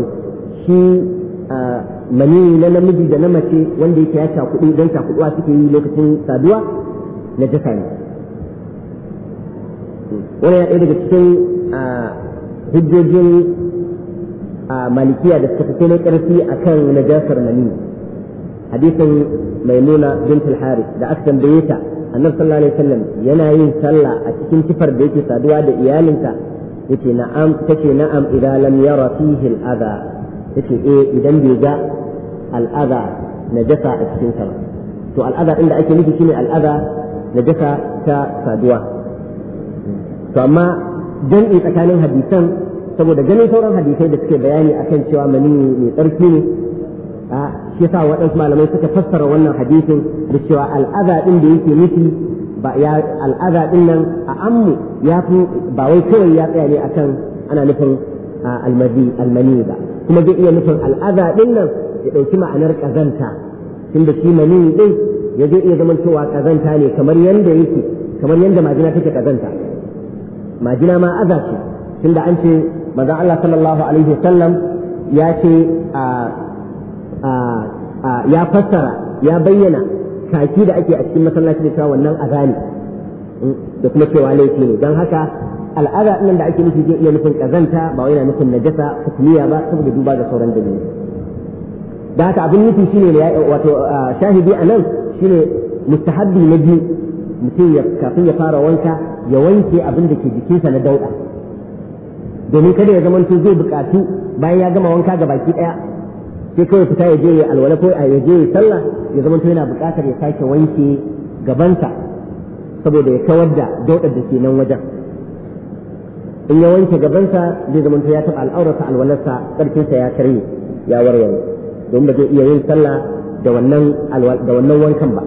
Speaker 1: shi mani na namiji da na mace wanda yake ya cakuɗu don cakuɗuwa suke yi lokacin saduwa na jata ne wani ya ɗaya daga cikin hujjojin malikiya da suka fi kai na ƙarfi akan najasar mani hadisin maimuna bint al-harith da aka tambaye ta annabi sallallahu alaihi wasallam yana yin sallah a cikin kifar da yake saduwa da iyalinka yace na'am tace na'am idan lam yara fihi al-adha eh idan bai ga al-adha a cikin sa to al inda ake nufi shine al-adha ta saduwa to amma jan'i tsakanin hadisan saboda ganin sauran hadisai da suke bayani akan cewa mani mai tsarki ne shi sa waɗansu malamai suka fassara wannan hadisin da cewa al'aza ɗin da yake nufi ba ya al'aza ɗin nan a ammu ya fi ba wai kawai ya tsaya ne akan ana nufin almadi almani ba kuma zai iya nufin al'aza ɗin nan ya ɗauki ma'anar ƙazanta tunda shi mani ɗin ya zai iya zaman cewa ƙazanta ne kamar yadda yake kamar yadda majina take ƙazanta majina ma aza ce tunda an ce maza Allah sallallahu alaihi wasallam ya ce a ya fassara ya bayyana kaki da ake a cikin masallaci da cewa wannan azani da kuma cewa laifi ne don haka al'ada nan da ake nufi zai iya nufin kazanta ba wai yana nufin najasa hukumiya ba saboda duba da sauran dalilai da haka abin nufi shine ne wato shahidi a nan shine mustahabbi na biyu mutum ya kafin ya fara wanka ya wanke abin da ke jikinsa na dauda domin kada ya zamanto zai buƙaci bayan ya gama wanka ga baki ɗaya. sai kawai fita ya je ya alwala ko ya je ya sallah ya zama to yana buƙatar ya sake wanke gabansa saboda ya kawar da daudar da ke nan wajen in ya wanke gabansa zai zama to ya taɓa al'aurarsa alwalarsa ƙarfinsa ya karye ya warware don ba zai iya yin sallah da wannan wankan ba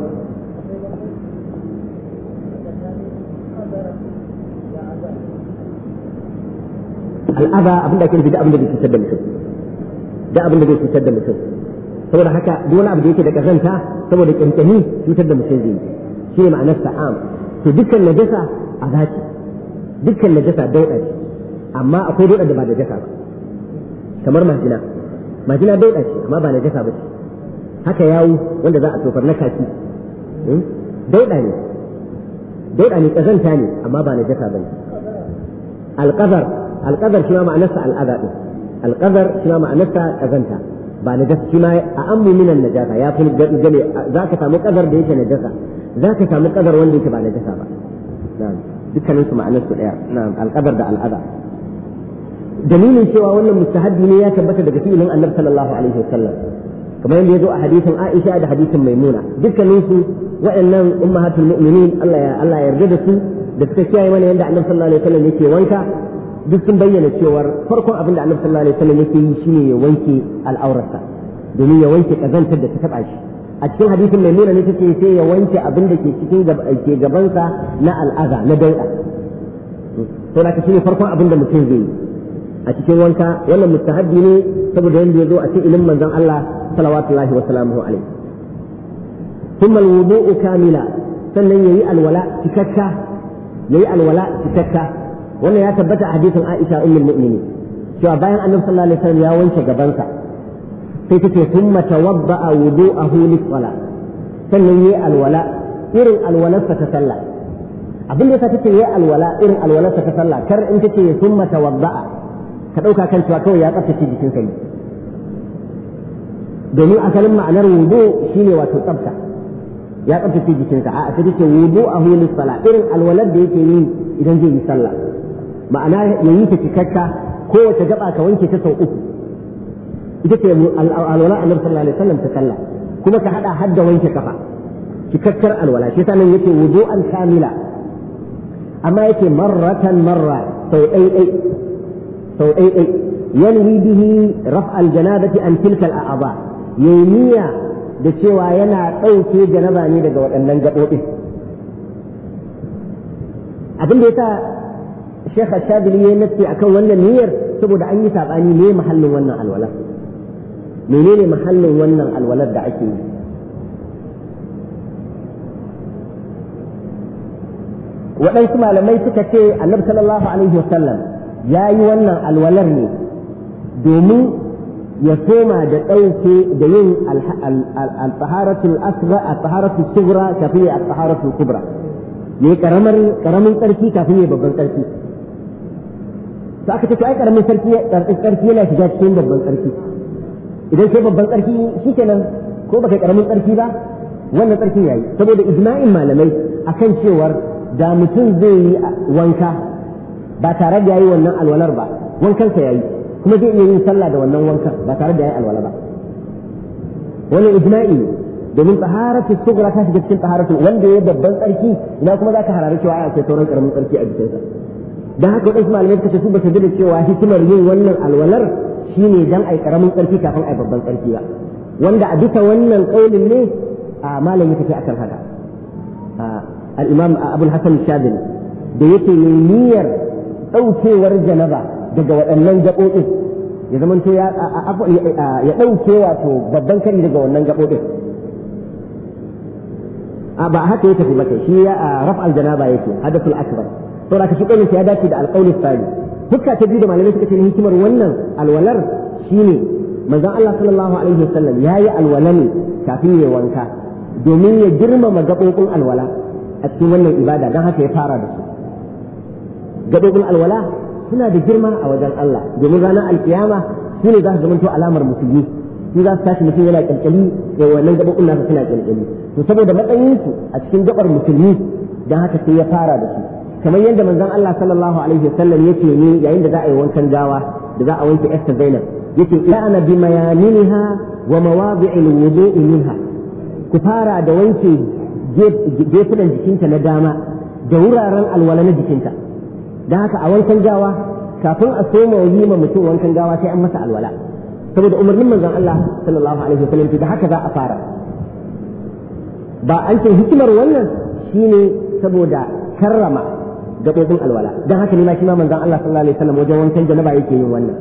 Speaker 1: Al'ada abin da ake nufi da abin da ke cutar da mutum da abin da zai cutar da mutum saboda haka duk wani abu da yake da kazanta saboda kyankyani cutar da mutum zai yi shi ne ma'anar sa'am to dukkan najasa a zaki? dukkan najasa dauɗa ce amma akwai dauɗa da ba jasa ba kamar majina majina dauɗa ce amma ba najasa ba ce haka yawo wanda za a tofar na kaki hmm? dauɗa ne dauɗa ne kazanta ne amma ba najasa ba ne alƙazar alƙazar shi ma ma'anarsa al'ada ɗin alqadar shi ma ma'anarsa kazanta ba najasa shi ma a ammu minan najasa ya fi gane za ka samu kadar da yake najasa za ka samu kadar wanda yake ba najasa ba dukkanin su ma'anar su daya na'am da al'ada dalilin cewa wannan mustahabbi ne ya tabbata daga fi'ilin annabi sallallahu alaihi wasallam kamar yadda ya zo a hadisin Aisha da hadisin Maimuna dukkanin su waɗannan ummahatul mu'minin Allah ya Allah ya yarda da su da suka kiyaye mana yadda annabi sallallahu alaihi wasallam yake wanka duk sun bayyana cewar farkon abin da annabi sallallahu alaihi wasallam yake yi shine ya wanke al'aurarsa domin ya wanke kazantar da ta taba shi a cikin hadisin mai nuna ne take sai ya wanke abin da ke cikin ke gabansa na al'aza na dauda to da shine farkon abin da mutum zai yi a cikin wanka wannan mustahabbi ne saboda yanda ya zo a cikin ilimin manzon Allah sallallahu wa sallamu alaihi ثم الوضوء كاملا sannan yayi alwala cikakka yayi alwala cikakka wannan ya tabbata a hadisin Aisha ummul mu'minin cewa bayan Annabi sallallahu alaihi wasallam ya wanke gabansa sai take thumma tawadda'a wudu'ahu lis-salah sannan yayi alwala irin alwalarsa ta sallah abin da yasa take yayi alwala irin alwalarsa ta sallah kar in take thumma tawadda'a ka dauka kan cewa kawai ya tsaftace jikin sa ne domin asalin ma'anar wudu shine wato tsafta ya tsaftace a’a sai take wudu'ahu lis-salah irin alwalar da yake yi idan zai yi sallah ma'ana ya yi ta cikakka kowace gaba ka wanke ta sau uku ita ce alwala annabi sallallahu alaihi wasallam ta kalla kuma ka hada hadda wanke kafa cikakkar alwala shi yasa nan yake wudu'an kamila amma yake marratan marra sau ɗai sau ɗaiɗai yanwi bihi raf'al janabati an tilka al'a'aba yayi niyya da cewa yana ɗauke janaba ne daga waɗannan gaɓoɓin abin da yasa Sheikh Shadili ya a kan wannan niyyar saboda an yi sabani ne mahallin wannan alwala menene mahallin wannan alwalar da ake yi waɗansu malamai suka ce annabi sallallahu alaihi wasallam ya yi wannan alwalar ne domin ya soma da ɗauke da yin al-taharatul asra al-taharatul sughra kafin al-taharatul kubra ne karamin ƙarfi kafin ya babban ƙarfi. to aka ce ai karamin sarki sarki yana shiga cikin babban sarki idan sai babban sarki shikenan ko baka karamin sarki ba wannan sarkin yayi saboda ijma'in malamai akan cewar da mutum zai yi wanka ba tare da yayi wannan alwalar ba wankansa yayi kuma zai iya yin sallah da wannan wankan ba tare da yayi alwala ba wannan ijma'i domin taharatu sugra ta shiga cikin taharatu wanda ya babban tsarki ina kuma zaka harare cewa ai akwai sauran karamin tsarki a jikinsa dan haka wadansu malamai suka ce su ba su da cewa hikimar yin wannan alwalar shi ne dan ai karamin tsarki kafin ai babban tsarki ba wanda a duka wannan kaulin ne a malami take akan haka al-imam abul hasan shadin da yake mai niyyar daukewar janaba daga waɗannan gaɓoɓin ya zamanto ya ya ɗauke wato babban kari daga wannan gaɓoɓin ba haka ya tafi ba shi ya raf'al janaba yake hadathul akbar saboda ka shi kaulin ya dace da alqaulus sani hukka ta biyu da malamai suka ce ne hikimar wannan alwalar shine manzon Allah sallallahu alaihi wasallam yayi alwala ne kafin ya wanka domin ya girmama gabobin alwala a cikin wannan ibada dan haka ya fara da su gabobin alwala suna da girma a wajen Allah domin ranar alkiyama su ne za su zamanto alamar musulmi su za su tashi mutum yana kyalkyali da wannan gabobin nasa suna kyalkyali to saboda matsayin su a cikin gabar musulmi dan haka sai ya fara da su kamar yadda manzon Allah sallallahu alaihi wasallam yake ne yayin da za a yi wankan gawa da za a wanke Esther Zainab yake la'ana bi mayaminha wa mawadi'il wudu'i minha ku fara da wanke gefunan jikinta na dama da wuraren alwala na jikinta da haka a wankan gawa kafin a soma yi ma mutum wankan gawa sai an masa alwala saboda umarnin manzon Allah sallallahu alaihi wasallam da haka za a fara ba an ce hikimar wannan shine saboda karrama gabobin alwala dan haka ne ma shi ma manzon Allah sallallahu alaihi wasallam wajen wankan janaba yake yin wannan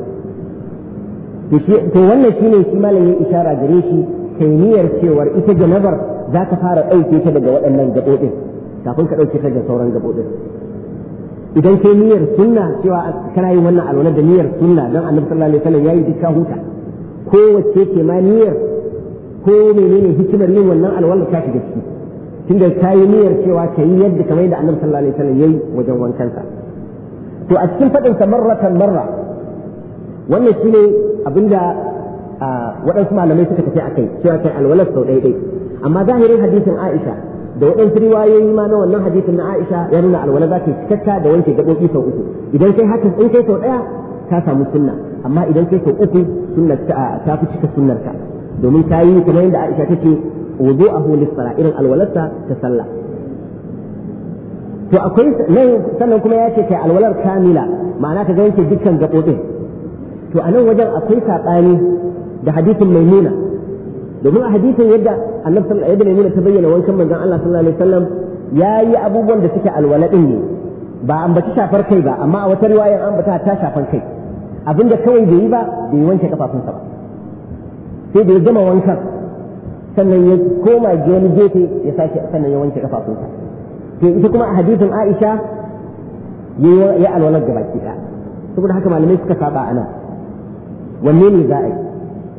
Speaker 1: to wannan ne shi malamin ishara gare shi kai niyyar cewar ita janabar za ka fara ɗauke ta daga waɗannan gabobin kafin ka ɗauke ta daga sauran gabobin idan kai niyyar sunna cewa kana yin wannan alwala da niyyar sunna dan annabi sallallahu alaihi wasallam yayi dukkan huta kowace ke ma niyyar ko menene hikimar yin wannan alwala ta shiga ciki tunda da yi niyyar cewa ka yi yadda kamar yadda annabi sallallahu alaihi wasallam yayi wajen wankansa to a cikin fadin sa marratan marra wannan shine abinda waɗansu malamai suka tafi akai cewa kai alwalad sau ɗaya amma zahirin hadisin Aisha da waɗansu riwayoyi ma na wannan hadisin na Aisha ya nuna alwala za ta cikakka da wanke gaɓoɓi sau uku idan kai hakan in kai sau ɗaya ka samu sunna amma idan kai sau uku sunna ta fi cika sunnar ka domin ta yi kamar yadda Aisha ta ce wudu'ahu a sala irin alwalarsa ta sallah to akwai nan sannan kuma ya ce kai alwalar kamila ma'ana ka wanke dukkan gaɓoɓin to a nan wajen akwai saɓani da hadithin maimuna domin a hadithin yadda annabi sallallahu alaihi maimuna ta bayyana wankan manzon Allah sallallahu alaihi wasallam yayi abubuwan da suke alwala ne ba ambaci shafar kai ba amma a wata riwayar ambata ta shafar kai abinda kawai bai yi ba bai wanke kafafunsa ba sai da ya gama wankan sannan ya koma wani gefe ya sake sannan ya wanke kafafunsa to ita kuma a hadisin Aisha ya alwalar da baki ɗaya saboda haka malamai suka saba a nan wanne ne za a yi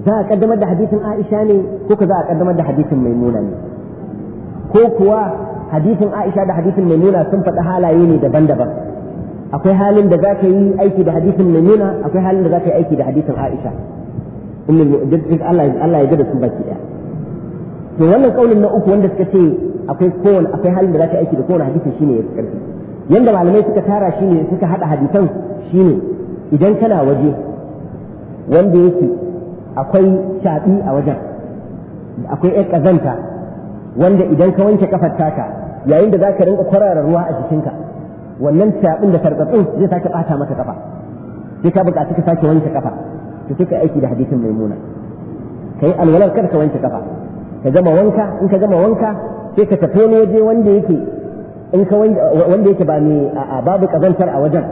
Speaker 1: za a kaddamar da hadisin Aisha ne ko ka za a kaddamar da hadisin Maimuna ne ko kuwa hadisin Aisha da hadisin Maimuna sun faɗi halaye ne daban-daban akwai halin da za ka yi aiki da hadisin Maimuna akwai halin da za ka yi aiki da hadisin Aisha ummul mu'jizat Allah Allah ya da su baki ɗaya to wannan kaulin na uku wanda suka ce akwai kowane akwai halin da za ta aiki da kowane hadisin shine ya karfi yanda malamai suka tara shine suka hada hadisan shine idan kana waje wanda yake akwai shaɗi a wajen akwai ƴar ƙazanta wanda idan ka wanke kafar taka yayin da za ka rinka kwarara ruwa a jikinka wannan shaɗin da tarkatsin zai sake ɓata maka kafa sai ka buƙaci ka sake wanke kafa to sai ka aiki da hadisin maimuna kai alwalar kar ka wanke kafa ka gama wanka in ka gama wanka sai ka tafi wani waje wanda yake in ka wanda yake ba mai babu kazantar a wajen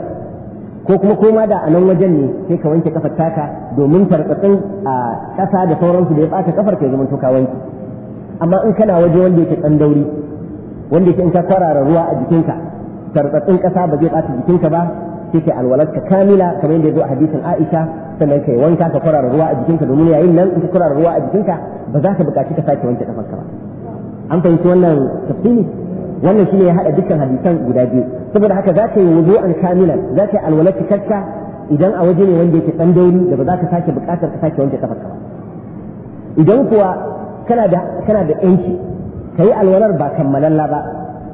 Speaker 1: ko kuma koma da a nan wajen ne sai ka wanke kafar taka domin tarkatsin a ƙasa da sauransu da ya ɓata kafar ka zama ka wanke amma in kana waje wanda yake ɗan dauri wanda yake in ka kwarara ruwa a jikinka tarkatsin ƙasa ba zai ɓata jikinka ba sai ka alwalarka kamila kamar yadda ya zo a hadisin Aisha sannan kai wanka ka kwarara ruwa a jikinka domin yayin nan in ka kwarara ruwa a jikinka ba za ka buƙaci ka sake wanke kafarka ba an fahimci wannan tafsiri wannan shine ya haɗa dukkan hadisan guda biyu saboda haka za ka yi wudu'an kamilan za ka yi alwala cikakka idan a waje ne wanda yake dan dauri da ba za ka sake buƙatar ka sake wanke kafarka ba idan kuwa kana da kana da yanci alwalar ba kammalalla ba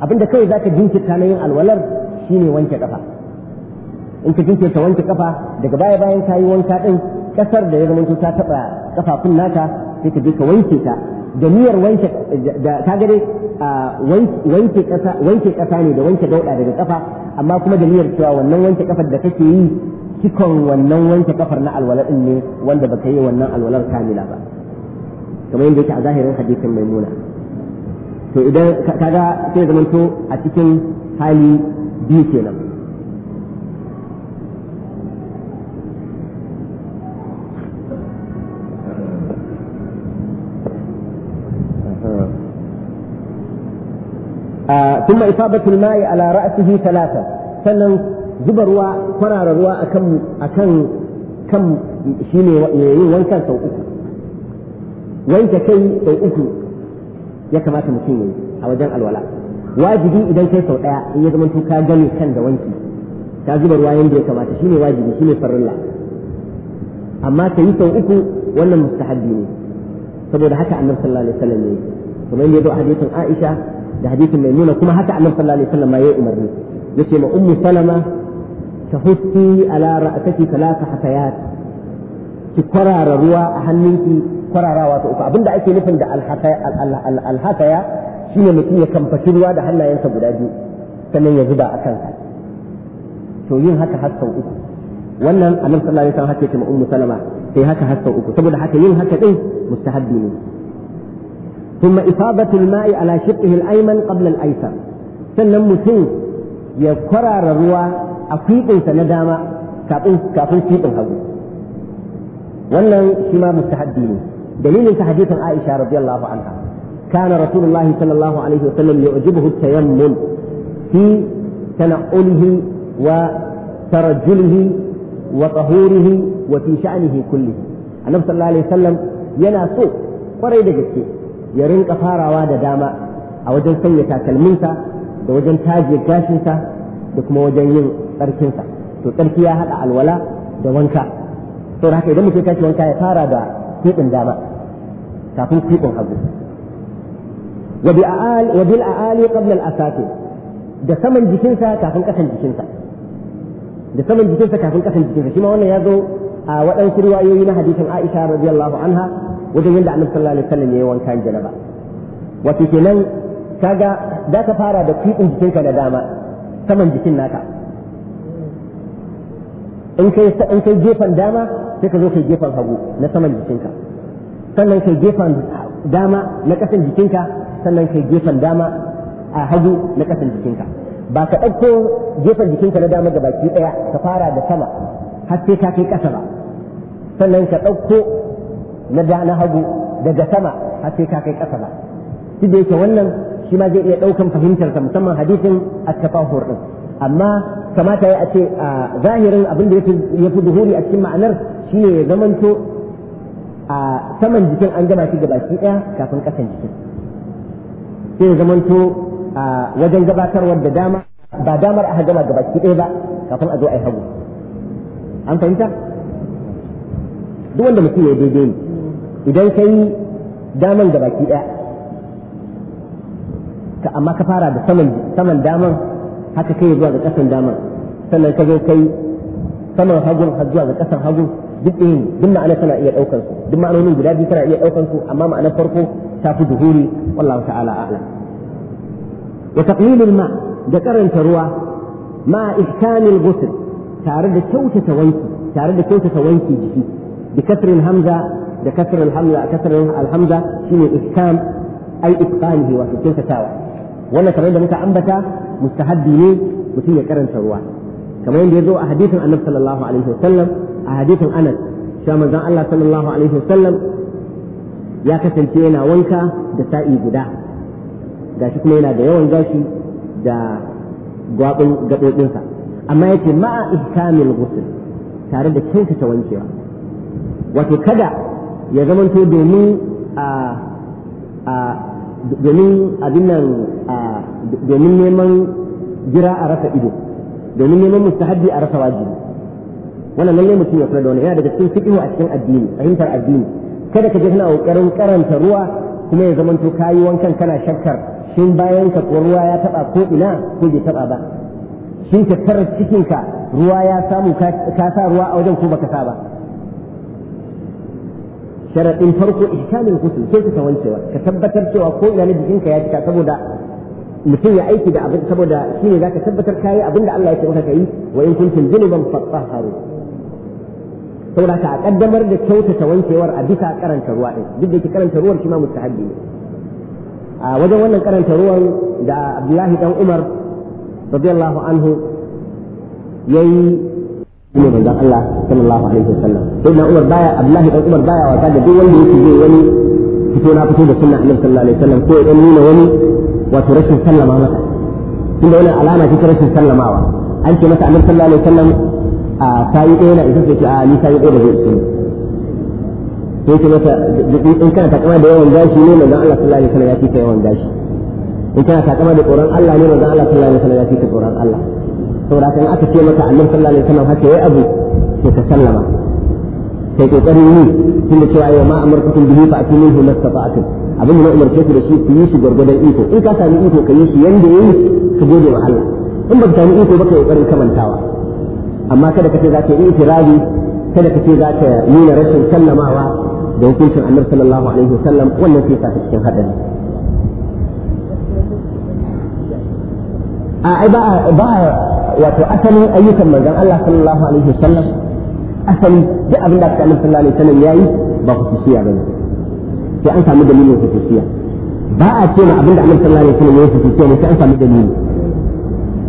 Speaker 1: abinda kawai za ka jinkirta na yin alwalar shine wanke kafa in ka jinke ka wanke kafa daga baya bayan ka yi wanka din kasar da ya zama ta taba kafafun naka sai ka je ka wanke ta da niyyar wanke da ka ga dai wanke kasa wanke kasa ne da wanke dauda daga kafa amma kuma da niyyar cewa wannan wanke kafar da kake yi cikon wannan wanke kafar na alwala din ne wanda baka yi wannan alwalar kamila ba kamar yadda yake a zahirin hadisin maimuna to idan kaga sai zamanto a cikin hali biyu kenan ثم إصابة الماء على رأسه ثلاثة سنن zuba ruwa kwarara ruwa akan akan kan shi ne yin wankan sau uku wanke kai sau uku ya kamata mutum ya a wajen alwala wajibi idan kai sau daya in ya zama ka gani kan da wanki ta zuba ruwa yadda ya kamata shi ne wajibi shi ne farilla amma ka sau uku wannan mustahabbi ne saboda haka annabi ne ya zo a hadisin Aisha da hadisin mai nuna kuma haka annabi sallallahu alaihi wasallam ya umarni yace ma ummu salama tahussi ala ra'saki thalatha hatayat ki kwarara ruwa a hannunki kwararawa ta uku abinda ake nufin da alhataya shine mutum ya kamfaci ruwa da hannayensa guda biyu sannan ya zuba a kansa to yin haka har sau uku wannan annabi sallallahu alaihi wasallam haka ce ma ummu salama sai haka har sau uku saboda haka yin haka din mustahabbi ne ثم إصابة الماء على شقه الأيمن قبل الأيسر sannan mutum ya kwarara ruwa a fiƙinsa na dama kafin fiƙin hagu wannan shi ma mustahabbi ne dalilin sa hadisin Aisha radiyallahu anha kana rasulullahi sallallahu alaihi wasallam yu'jibuhu tayammum fi tana'ulihi wa tarajjulihi wa tahurihi wa fi sha'nihi kullihi annabi sallallahu alaihi wasallam yana so kwarai da gaske ya rinka farawa da dama a wajen sanya takalminsa da wajen taje gashinsa da kuma wajen yin tsarkinsa to tsarki ya haɗa alwala da wanka to haka idan mutum tashi wanka ya fara da kwiɓin dama kafin kwiɓin hagu wa bil a'ali qabla al-asafi da saman jikinsa kafin kasan jikinsa da saman jikinsa kafin kasan jikinsa shi ma wannan ya zo a waɗansu riwayoyi na hadisin Aisha radiyallahu anha wajen yadda annabi sallallahu alaihi wasallam yayi wankan janaba wato kenan kaga za ka fara da kudin jikinka da dama saman jikin naka in kai in kai gefen dama sai ka zo kai gefen hagu na saman jikinka sannan kai gefen dama na kasan jikinka sannan kai gefen dama a hagu na kasan jikinka ba ka ɗauko gefen jikinka na dama gabaki ɗaya ka fara da sama har sai ka kai ƙasa ba sannan ka ɗauko na da na hagu daga sama har sai ka kai ƙasa ba duk da yake wannan shi ma zai iya ɗaukan fahimtar ta musamman hadisin at-tafahur din amma kamata ya ce a zahirin abin da ya fi duhuri a cikin ma'anar shine ya zamanto a saman jikin an gama shi gabaki ɗaya kafin ƙasan jikin sai ya zamanto a wajen gabatarwar da dama ba damar aka gama gabaki ɗaya ba kafin a zo a yi hagu an fahimta duk wanda mutum ya daidai ne idan ka yi daman da baki ɗaya ka amma ka fara da saman daman haka kai zuwa ga ƙasan daman sannan ka zo kai saman hagun har zuwa ga ƙasan hagun duk ɗaya duk ma'ana tana iya ɗaukar su duk ma'anonin guda biyu tana iya ɗaukar su amma ma'anar farko ta fi duhuri wallahu ta'ala a'lam wa taqlilul ma da karanta ruwa ma ihkamil ghusl tare da kyautata wanki tare da kyautata wanki jiki bi kasrin hamza da kasar alhamza kasar alhamza shine iskam ai itqanihi wato kyautatawa wannan kamar da muka ambata mustahabbi ne mutum ya karanta ruwa kamar yadda ya zo a hadithin annabi sallallahu alaihi wasallam a hadithin anas sha manzon Allah sallallahu alaihi wasallam ya kasance yana wanka da sa'i guda gashi kuma yana da yawan gashi da gwabin gaɓoɓinsa amma yace ma'a ihkamil ghusl tare da kyautata wankewa wato kada ya zamanto domin a a domin abin nan a domin neman jira a rasa ido domin neman mustahabbi a rasa wajibi wannan lalle mutum ya kula da wannan yana daga cikin fiqhu a cikin addini fahimtar addini kada ka je kana kokarin karanta ruwa kuma ya zamanto kayi wankan kana shakkar shin bayan ka ko ruwa ya taba ko ina ko bai taba ba shin ka tarar cikin ka ruwa ya samu ka sa ruwa a wajen ko baka sa ba sharaɗin farko ihkamin ghusl sai ka wancewa ka tabbatar cewa ko ina na jikinka ya cika saboda mutum ya aiki da abin saboda shine zaka tabbatar kayi abin da Allah ya ce maka kai wa in kuntum junuban fatahharu saboda ka kaddamar da kyautata wankewar a bisa karanta ruwa din duk da yake karanta ruwan shi ma mustahabi ne a wajen wannan karanta ruwan da Abdullahi dan Umar radiyallahu anhu yayi shine manzon Allah sallallahu alaihi wasallam sai na Umar baya Abdullahi dan Umar baya wasa da duk wanda yake zai wani fito na fito da sunna Annabi sallallahu alaihi wasallam ko ya dan nuna wani wato rashin sallama masa tunda wannan alama ce ta rashin sallamawa an ce masa Annabi sallallahu alaihi wasallam a sai ɗaya na isa sai ce a ni sai ɗaya da zai ce sai ce masa in kana takama da yawan gashi ne manzon Allah sallallahu alaihi wasallam ya fi yawan gashi in kana takama da tsoron Allah ne manzon Allah sallallahu alaihi wasallam ya fi tsoron Allah saboda in aka ce mata annabi sallallahu alaihi wasallam haka yayi abu sai ka sallama sai kokarin yi tun da cewa yau ma amarkukum bihi fa atinu hu mastata'tum abin da na umarce ku da shi ku yi shi gurgurdan iko in ka sami iko ka yi shi yanda yayi ka gode wa Allah in ba ka sami iko ba ka kokarin kamantawa amma kada ka ce za ka yi itirazi kada ka ce za ka nuna rashin sallamawa da hukuncin annabi sallallahu alaihi wasallam wannan sai ka cikin hadari a ai ba ba wato asalin ayyukan manzon Allah sallallahu alaihi wasallam asali duk abin da Allah sallallahu alaihi wasallam yayi ba khususiya bane sai an samu dalilin khususiya ba a ce ma abin da Allah sallallahu alaihi wasallam yayi khususiya ne sai an samu dalili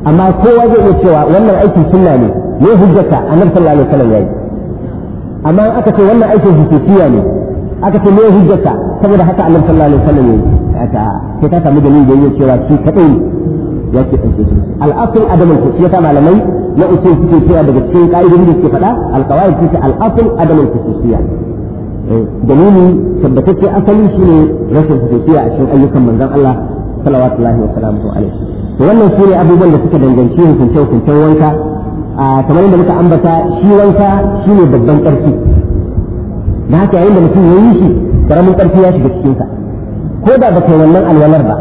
Speaker 1: amma kowa zai iya cewa wannan aikin sunna ne ne hujjata annabi sallallahu alaihi wasallam yayi amma aka ce wannan aikin khususiya ne aka ce ne hujjata saboda haka annabi sallallahu alaihi wasallam yayi sai ta samu dalili da yake cewa shi kadai za su ɗauke shi al'asul adamin ku ya malamai na usul suke cewa daga cikin ka'idodin da suke faɗa alƙawai su ce al'asul adamin kususiya eh, dalili tabbatacce asali ne rashin kususiya a cikin ayyukan manzon Allah sallallahu alaihi wa sallam to wannan ne abubuwan da suka danganci hukunce hukunce wanka kamar yadda muka ambata shi wanka shine babban ƙarfi da haka yayin da mutum ya yi shi karamin ƙarfi ya shiga cikinsa ko da ba kai wannan alwalar ba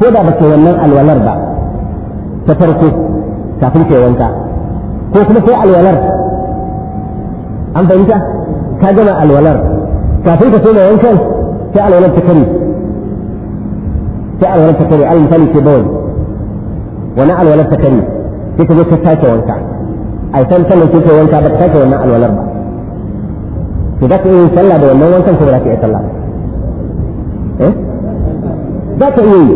Speaker 1: ko da ba ke wannan alwalar ba ta farko kafin ke wanka ko kuma sai alwalar an fahimta ka gama alwalar kafin ka so da wankan sai alwalar ta kare sai alwalar ta kare alin misali ce bawani wani alwalar ta kare sai ka zo ka sake wanka ai san sallar ke ke wanka ba ta sake wannan alwalar ba to za ka iya yin sallah da wannan wankan ko ba za ka iya sallah ba eh za ka iya yi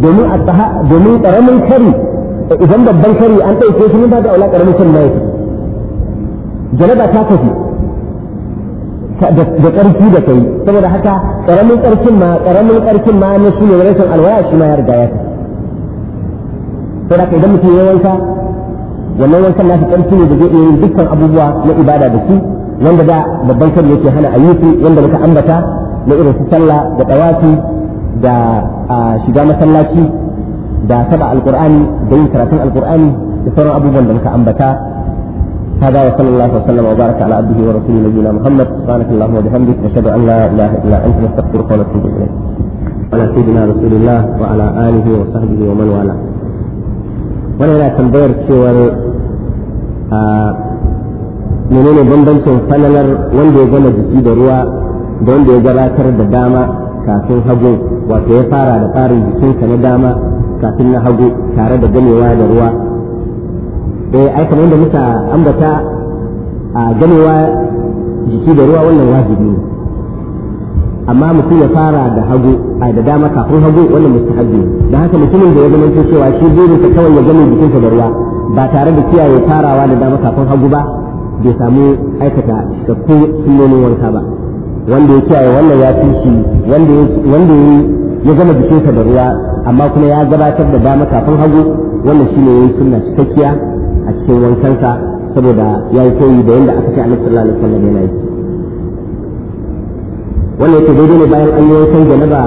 Speaker 1: domin a taha domin karamin kari idan babban kari an ɗauke shi ne ba da aula karamin kari na yake janaba ta tafi da ƙarfi da kai saboda haka ƙaramin ƙarfin ma ƙaramin ƙarfin ma ne shine rashin alwaya shi ma ya riga ya tafi saboda haka idan mutum ya wanka wannan wankan nasu ƙarfi ne da zai iya dukkan abubuwa na ibada da su wanda da babban kari yake hana ayyuki wanda muka ambata na irin su sallah da tawafi da shiga masallaci da saba alqur'ani da yin karatun alqur'ani da sauran abubuwan da muka ambata هذا وصلى الله وسلم وبارك على عبده ورسوله نبينا محمد سبحانك اللهم وبحمدك نشهد ان لا اله الا انت نستغفرك ونتوب اليك على سيدنا رسول الله وعلى اله وصحبه ومن والاه وانا لا تنبير cewar menene bambancin falalar wanda ya gama jiki da ruwa da wanda ya gabatar da dama kafin hagu wato ya fara da tsarin jikinsa na dama kafin na hagu tare da ganewa da ruwa eh ai kamar da muka ambata a ganewa jiki da ruwa wannan wajibi ne amma mutum ya fara da hagu a da dama kafin hagu wannan mustahabbi da haka mutumin da ya zama cewa shi dole sa kawai ya gane jikinsa da ruwa ba tare da kiyaye farawa da dama kafin hagu ba bai samu aikata cikakkun sunnonin wanka ba wanda ya kiyaye wannan ya fi shi wanda ya zama jikinsa da ruwa amma kuma ya gabatar da dama kafin hagu wannan shine yi sunna cikakkiya a cikin wankansa saboda ya yi koyi da yadda aka ce annabi sallallahu alaihi wasallam yana yi wannan yake daidai ne bayan an yi wankan janaba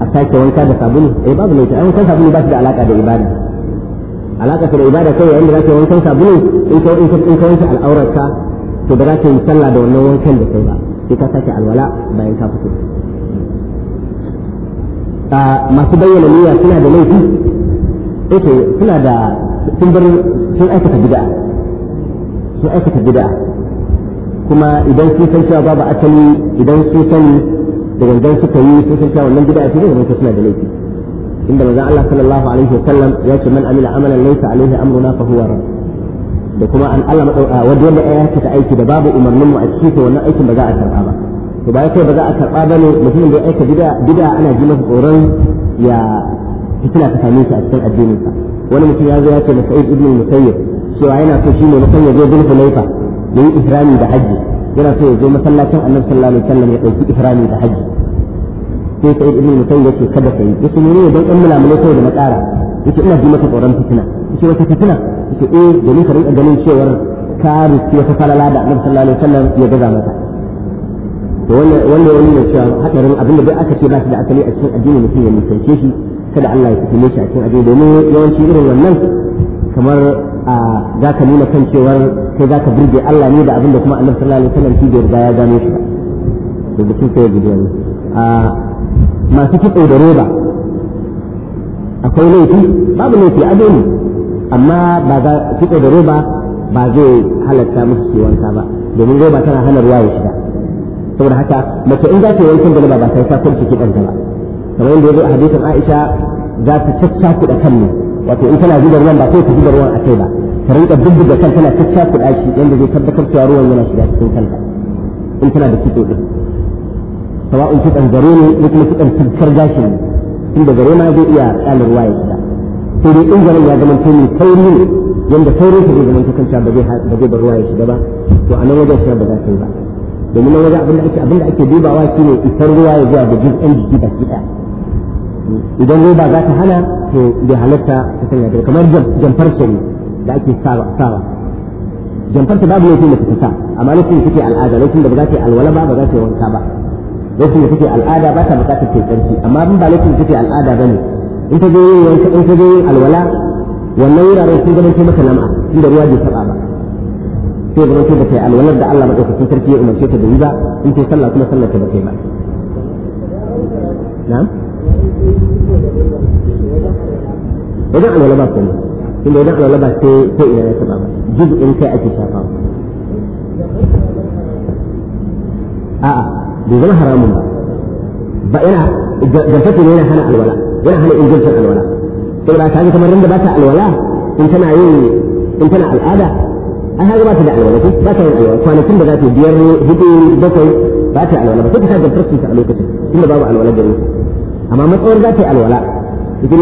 Speaker 1: a sake wanka da sabulu eh babu ne ai wankan sabulu ba shi da alaka da ibada alaka da ibada kai wanda da zaka wankan sabulu in ka in ka wanke al'aurarka to ba za ka yi sallah da wannan wankan da kai ba sai ka sake alwala bayan ka fito masu bayyana niyya suna da laifi ita eh suna da sun bar sun aikata bid'a sun aikata bid'a kuma idan sun san cewa babu asali idan sun san da gangan suka yi sun san cewa wannan bid'a ce ne suna da laifi inda manzon Allah sallallahu alaihi wasallam ya ce man amila amalan laysa alaihi amruna fa huwa rabb da kuma an Allah wanda wanda ya aikata aiki da babu umarnin mu a cikin wannan aikin ba za a karba ba to bayan sai ba za a karba ba ne mutumin da ya aika bid'a bid'a ana ji masa tsoron ya fitina ta same shi a cikin addinin sa wani mutum ya zo ya ce Sa'id ibn Musayyib cewa yana so shi ne mutum ya zo bin Hulaifa yayi ihrami da haji yana so ya zo masallacin Annabi sallallahu alaihi wasallam ya dauki ihrami da haji sai Sa'id ibn Musayyib ya ce kada kai yace ne ne dan kan mulamu ne kai da na ƙara yace ina ji masa tsoron fitina yace wata fitina ce eh domin ka rinka ganin cewar ka ya ta falala da annabi sallallahu alaihi wasallam ya gaza mata to wannan wani ne cewa hadarin abin da aka ce ba shi da asali a cikin addini mutum ya nisance shi kada Allah ya fitile shi a cikin addini domin yawanci irin wannan kamar a za ka nuna kan cewar sai za ka burge Allah ne da abin da kuma annabi sallallahu alaihi wasallam shi bai riga ya gano shi da sai ya a wannan masu kitso da roba akwai laifi babu laifi a dole amma ba za fito da roba ba zai halatta musu su wanka ba domin roba tana hana ruwa ya shiga saboda haka mace in za ta wankan da ba sai ta kwanci kidan ta ba kamar yadda ya zo a hadisin Aisha za ta caccakuɗa kan ne wato in tana zuba ruwan ba sai ta zuba ruwan a kai ba ta rinka da kan tana caccakuɗa shi yadda zai tabbatar cewa ruwan yana shiga cikin kanta in tana da kitso din sawa'un kitsan gare ne ko kuma kitsan tabkar gashi ne tun da gare ma zai iya ƙalar ruwa ya shiga sai dai in garin ya zama tuni tauri ne yadda saurin sa zai zama ta kanta ba zai bar ruwa ya shiga ba to a nan wajen sai ba za ta yi ba domin nan wajen abin da ake abin da ake dubawa shine isar ruwa ya zuwa ga jin jiki ba ki idan ba za ta hana to bai halatta ta sanya ta kamar jamfar shari da ake sawa sawa jamfar ta babu yake mace ta amma lokacin da take al'ada lokacin da ba za ta yi alwala ba ba za ta yi wanka ba lokacin da take al'ada ba ta bukatar ta tsarki amma in ba lokacin da take al'ada bane in ka je yin in ka je alwala wannan wuraren sun zama ce maka lam'a inda ruwa bai taba ba sai zama ce ba kai alwalar da Allah madaukakin sarki ya umarce ta da yi ba in ce sallah kuma sallar ta ba kai ba na'am wajen alwala ba kuma inda wajen alwala ba sai sai ina ya saba ba juz'in kai ake shafa a'a bai zama haramun ba ba ina da take ne yana hana alwala ولا إنجلترا الولاء تقول هذه تمرين ده باتها الولاء عيني امتنع امتنع الأداء هذا ما تدع الولاء بات الولاء فأنا كل ذات دير هدي بطل بات الولاء بس تخرج الفرصة تعليق كل بابا الولاء جميل أما مطور ذات الولاء يقول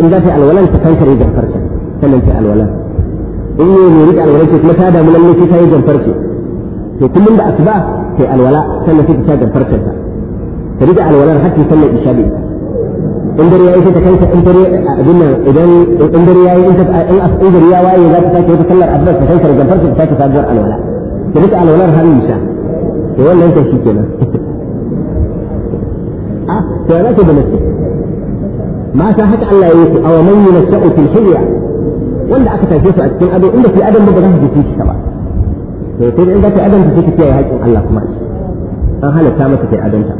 Speaker 1: إن ذات الولاء أنت كان تريد كان فلن الولاء إني يريد الولاء كيف مكادة من اللي تريد الفرشة في كل من أسباب في الولاء كان في تشاهد الفرصة تريد الولاء حتى يسمى بشابه in dare yayi ta kanta in dare abin nan idan in dare yayi in ta in in dare ya waye za ta sake ta sallar abdar ta kanta da farko ta sake sabuwar alwala da duka alwalar halin sha to wannan ta shi kenan a ah, to yana ta da nake ma ta haka Allah ya yi aw man yunasha'u fil hilya wanda aka tafi su a cikin ado inda fi adam ba za su ji ta ba to sai da inda ta adam ta take kiyaye haƙin Allah kuma an halatta maka kai adanta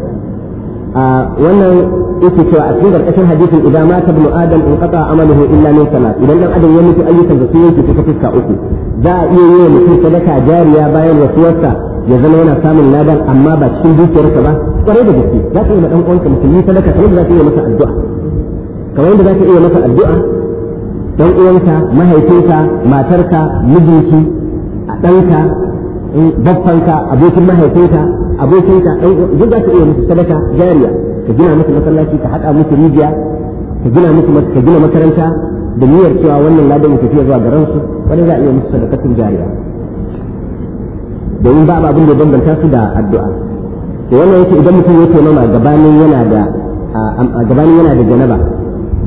Speaker 1: a ah, wannan yake cewa a cikin karkashin hadisin idan mata ibnu adam in qata amaluhu illa min salat idan dan adam ya mutu ayyukan da sun yake ta fuska uku za a iya yi mutum sadaka jariya bayan rasuwarsa ya zama yana samun ladan amma ba cikin dukiyarsa ba kwarai da gaske za ka yi ma dan uwanka musulmi sadaka kamar da za ka iya masa addu'a kamar yadda za ka iya masa addu'a dan uwanka mahaifinka matarka mijinki a ɗanka babbanka abokin mahaifinka abokinka ɗan duk za ka iya musu sadaka jariya ka gina musu masallaci ka haɗa musu rijiya ka gina musu ka gina makaranta da niyyar cewa wannan ladan ke tafiya zuwa garin su wani za a iya musu sadakatun jariya domin ba abin da bambanta su da addu'a to wannan yake idan mutum yake mama gabanin yana da gabanin yana da janaba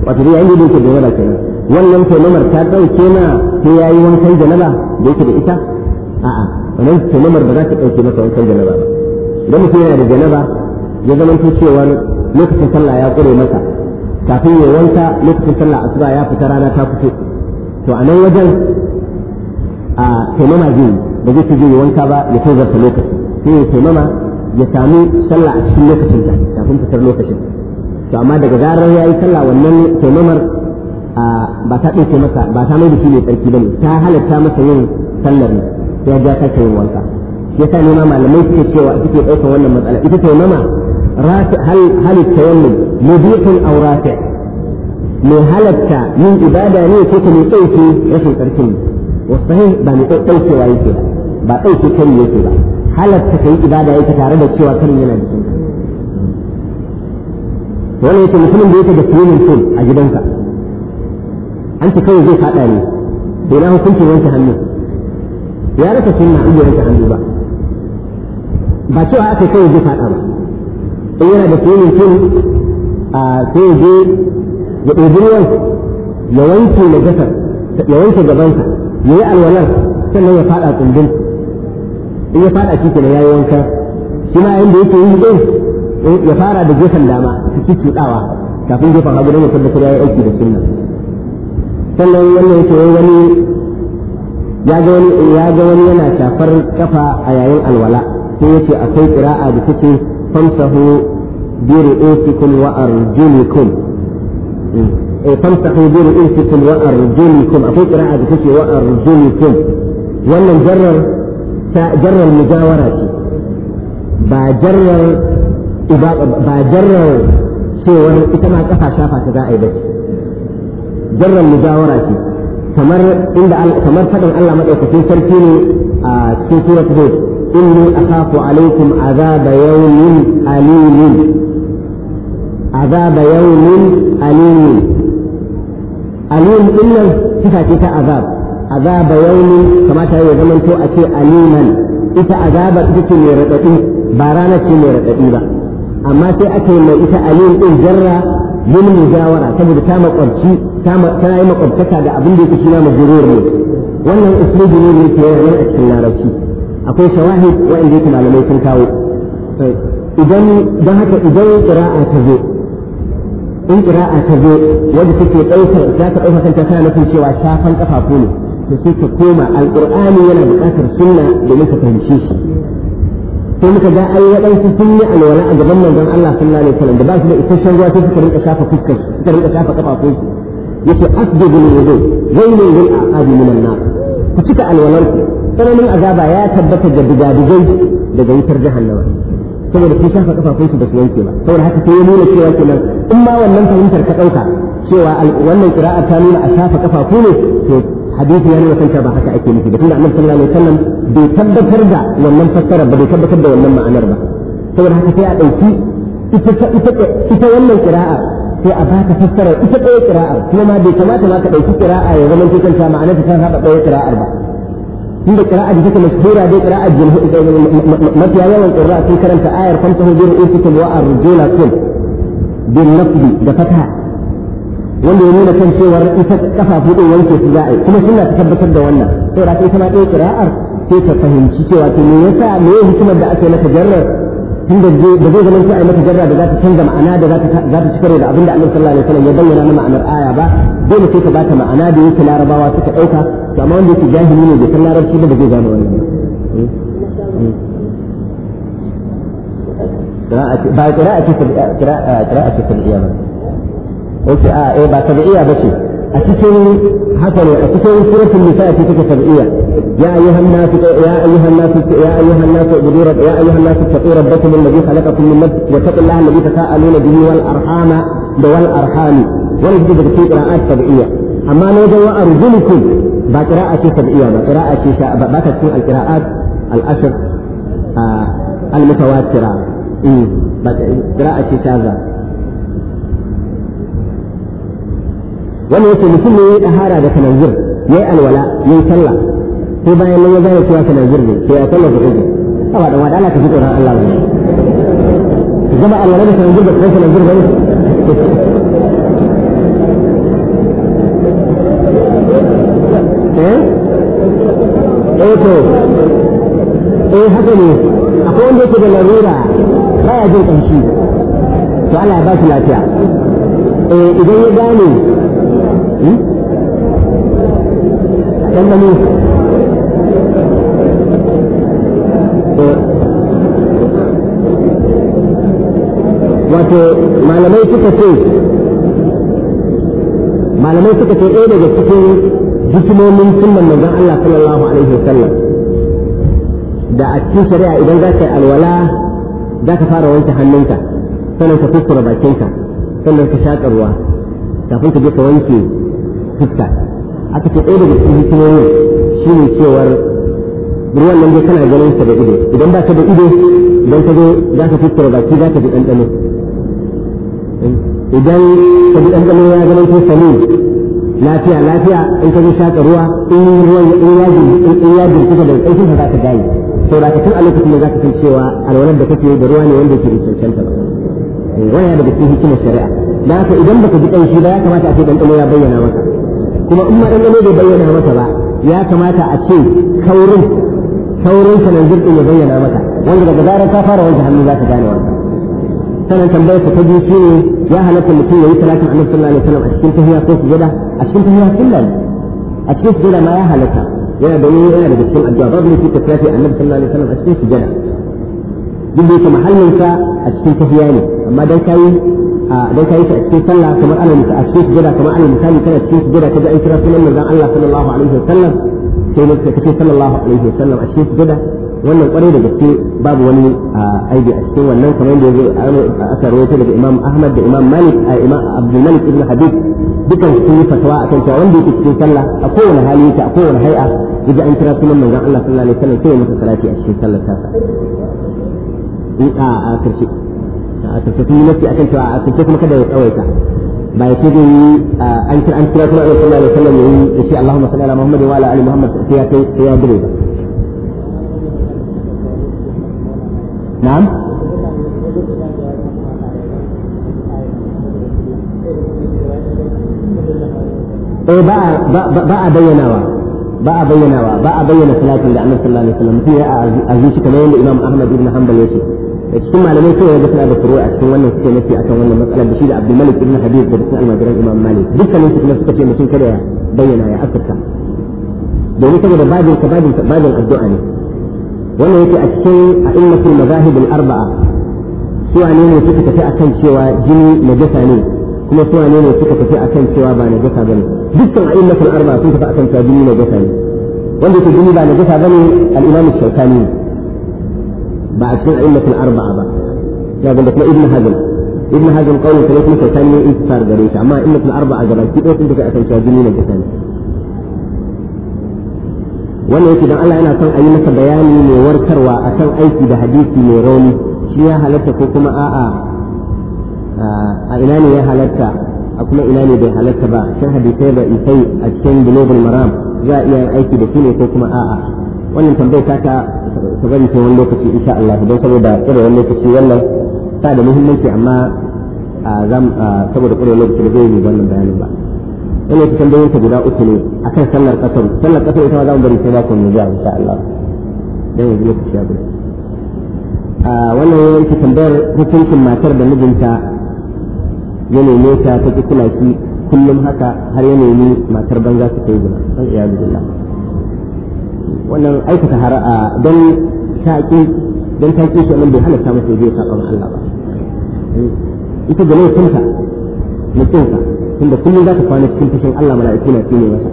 Speaker 1: wato dai yayin da yake da janaba kenan wannan taimamar ta ɗauke na sai ya yi wankan janaba da yake da ita a'a wannan taimamar ba za ta ɗauke masa wankan janaba ba idan mutum yana da janaba ya zama to cewa lokacin sallah ya kure masa kafin ya wanka lokacin sallah asuba ya fita rana ta fito to a nan wajen a taimama zai ba zai ce zai wanka ba ya tozarta lokaci sai ya taimama ya sami sallah a cikin lokacin ta kafin fitar lokacin to amma daga zarar ya yi sallah wannan taimamar ba ta ɗauke masa ba ta mai da shi mai tsarki ba ne ta halatta masa yin sallar ne ya ja ta yin wanka yasa ne ma malamai suke cewa suke ɗaukar wannan matsala ita taimama رافع هل هل التيمم مبيح او رافع؟ من هلك من عباده ني كنت من قيتي يا اخي تركني والصحيح بان قيتي وايتي با قيتي كري يتي با هلك كاي عباده يتي تاره da cewa karin yana da sunka wannan yake mutumin da yake da swimming pool a gidanka an ta kawai zai fada ne bai hukuncin wanke hannu ya rasa sunna hannu ba ba cewa zai fada ba in yana da sunan sun a sai je ya ɗebi ruwan ya wanke na gasar ya wanke gabansa ya yi alwalar sannan ya faɗa tsundun in ya faɗa shi kenan ya yi wanka shi ma yanda yake yi ɗin ya fara da gefen dama su ci cuɗawa kafin gefen hagu don ya tabbatar ya yi aiki da sunna sannan wannan yake wani ya ga wani ya ga wani yana shafar kafa a yayin alwala sai yace akwai qira'a da take تمسه برؤوسكم وأرجلكم تمسح إيه، برؤوسكم وأرجلكم أقول قراءة كتي وأرجلكم ولا جرر جرر المجاورة بجرر بجرر سوى إتما كفى شافى كذا أي بس جرر المجاورة كمر إن كمر فتن الله ما تكفي سرتيني في سورة هود إني أخاف عليكم عذاب يوم أليم عذاب يوم أليم أليم إلا صفة عذاب عذاب يوم كما تهي زمن تو أتي أليما إذا عذاب إذا مي رقبي بارانة مي رقبي با أما تي أتي مي إذا أليم إن جرى yin mujawara saboda ta makwabci ta yi makwabtaka da abin da yake shi na majurur ne wannan usulubi ne ne ke yawan a cikin larabci akwai shawahid wa'anda yake malamai sun kawo idan don haka idan qira'a ta zo in qira'a ta zo wanda take daukar za ta dauka kanta tana nufin cewa shafan kafafu ne to sai ka koma alqur'ani yana buƙatar sunna domin ka fahimce shi sai muka ga ai waɗansu sun yi alwala a gaban manzon Allah sallallahu alaihi wasallam da ba su da isasshen ruwa sai suka rinka shafa fuskar suka rinka shafa kafafun su yace asjadu lil wudu zainul lil aqabi min nar ku cika alwalanku tsananin azaba ya tabbata ga digadigai daga wutar jahannama saboda sun shafa kafafunsu da su yanke ba saboda haka sai ya nuna cewa kenan in ma wannan fahimtar ka ɗauka cewa wannan qira'a ta nuna a shafa kafafu ne to hadisi ya nuna kanta ba haka ake nufi da tunda annabi sallallahu alaihi wasallam bai tabbatar da wannan fassara ba bai tabbatar da wannan ma'anar ba saboda haka sai a ɗauki ita wannan qira'a sai a baka fassara ita ɗaya qira'a kuma ma bai kamata ma ka ɗauki qira'a ya zama kanta ma'anar ta saba ɗaya qira'ar ba tunda kira take mashhura dai qira'at mafi yawan qira'a sun karanta ayar fantahu bi ru'usikum wa arjulakum bin nafdi da fata wanda ya nuna kan cewar ita kafafu din wanke su za'a kuma suna ta tabbatar da wannan saboda ita ma ɗaya qira'ar sai ta fahimci cewa to me yasa me hikimar da ake mata jarrar tun da zai zama sai a mata jarra da za ta canza ma'ana da za ta cikare da abinda annabi sallallahu alaihi wasallam ya bayyana na ma'anar aya ba dole sai ta ba ta ma'ana da yake larabawa suka dauka to amma wanda yake jahili ne bai san larabci ba da zai gane wannan ba qira'a ce qira'a ce tabi'iyya ba okay a eh ba tabi'iyya bace a cikin haka ne a cikin suratul nisa ce take tabi'iyya يا ايها الناس يا ايها الناس يا ايها الناس اعبدوا رب يا ايها الناس اتقوا ربكم الذي خلقكم من نفس واتقوا الله الذي تساءلون به والارحام والارحام ولذلك في قراءات سبعيه اما نوجه وارجلكم بقراءة سبعية بقراءة بقراءة القراءات الأشر آه، المتواترة إيه، قراءة شاذة wani yake mutum ne ya يا الولاء kananzir ya sai bayan nan ya gane cewa kana jirgi sai ya kalla jirgi awa dan wada ka fito ran Allah ne zama Allah ne kana kana eh eh to eh haka ne akwai wanda yake da larura baya jin kanshi to Allah ya ba shi lafiya eh idan ya gane hmm?
Speaker 2: dan
Speaker 1: da malamai suka ce malamai suka ce ɗaya daga cikin hikimomin sunan manzon Allah sallallahu alaihi wasallam da a cikin shari'a idan za ka yi alwala za ka fara wanke hannunka sannan ka kuskura bakinka sannan ka shaƙa ruwa kafin ka je ka wanke fuska aka ce ɗaya daga cikin hikimomin shi ne cewar ruwan nan dai kana ganin sa da ido idan ba ka da ido idan ka zo za ka kuskura baki za ka ji ɗanɗano idan ka ji ɗanɗano ya zama ko sami lafiya lafiya in ka ji shaƙa ruwa in ruwan in ya in ya jirkuka da ƙarfin ka za ka gane to da tun a lokacin da za ka san cewa alwalar da kake da ruwa ne wanda ke da cancanta ba wani daga cikin hikimar shari'a da haka idan baka ji ƙanshi ba ya kamata a ce ɗanɗano ya bayyana maka kuma in ma ɗanɗano bai bayyana maka ba ya kamata a ce kaurin kaurin ka nan zirɗin ya bayyana maka wanda daga zarar ka fara wanke hannu za ka gane wanka. sannan tambayar ta biyu shine ya halatta mutum ya yi salatin annabi sallallahu alaihi wasallam a cikin tahiyya ko sujada a cikin tahiyya sunna ne a cikin sujada ma ya halatta yana da yana daga cikin addu'a babu ne cikin tafi annabi sallallahu alaihi wasallam a cikin sujada duk da yake mahallinsa a cikin tahiyya ne amma dan kayi dan kayi ta a cikin sallah kamar alal a cikin sujada kamar alal misali kana cikin sujada kaji an kira sunan manzon Allah sallallahu alaihi wasallam sai ne kace sallallahu alaihi wasallam a cikin sujada wannan kwarai da gaske babu wani aibi a cikin wannan kamar da yazo aka rawaito daga Imam Ahmad da Imam Malik a Imam Abdul Malik ibn Habib dukan su yi fatawa akan cewa wanda yake cikin sallah a kowane hali yake a kowane hay'a idan an kira sunan manzon Allah sallallahu alaihi wasallam sai ya masa salati a cikin sallar tasa in a karshe a karshe kuma nasi akan cewa a karshe kuma kada ya tsawaita ba ya ce zai yi an kira sunan Allah sallallahu alaihi wasallam ya yi ya shi Allahumma salli ala Muhammad wa ala ali Muhammad sai ya kai sai ya dire ba نعم إيه بقى بقى بقى بيناوا بقى بيناوا بقى بينا صلاه اللي عمل صلى الله عليه وسلم فيها ازيك كمان الامام احمد بن حنبل يشي ثم على ما يكون يدخل على الفروع اكثر من السنه في اكثر من مثلا بشير عبد الملك بن حبيب بن سعيد بن جرير الامام مالك دي كان في نفس الكلام كده بينا يا اكثر دي كده بعد بعد بعد الدعاء wannan yake a cikin a'immatul mazahib al-arba'a su wane ne suka tafi akan cewa jini najasa ne kuma su wane ne suka tafi akan cewa ba najasa bane dukkan a'immatul arba'a sun tafi akan cewa jini najasa ne wanda yake jini ba najasa bane al-imam shaukani ba a cikin a'immatul arba'a ba ya ga kuma ibn hazm ibn hazm kawai sai kuma shaukani ne intisar gare shi amma a'immatul arba'a gaba ki dai sun tafi akan cewa jini najasa ne wannan yake dan Allah yana son a yi masa bayani mai warkarwa akan aiki da hadisi mai rauni shi ya halatta ko kuma a'a a ina ne ya halatta a kuma ina ne bai halatta ba shin hadisai da isai a cikin bulogul maram za a iya aiki da shi ne ko kuma a'a wannan tambayar ta ta bari ta wani lokaci insha Allah don saboda tsira wani lokaci wannan ta da muhimmanci amma a saboda ƙwarewa lokaci da zai yi wannan bayanin ba. wannan ta tambayin ta guda uku ne akan sallar kasar sallar kasar ita ma za mu bari sai bakon mu zuwa insha Allah dan yanzu lokaci ya a wannan yake tambayar hukuncin matar da mijinta ya neme ta ta ki kula shi kullum haka har ya nemi matar banza su kai zina san iya billah wannan aikata har a dan taƙi dan taƙi shi nan bai halatta masa ya ta saƙon Allah ba ita da laifinta mutunta tunda kullum za ka kwana cikin fushin Allah mala'iku na tsine masa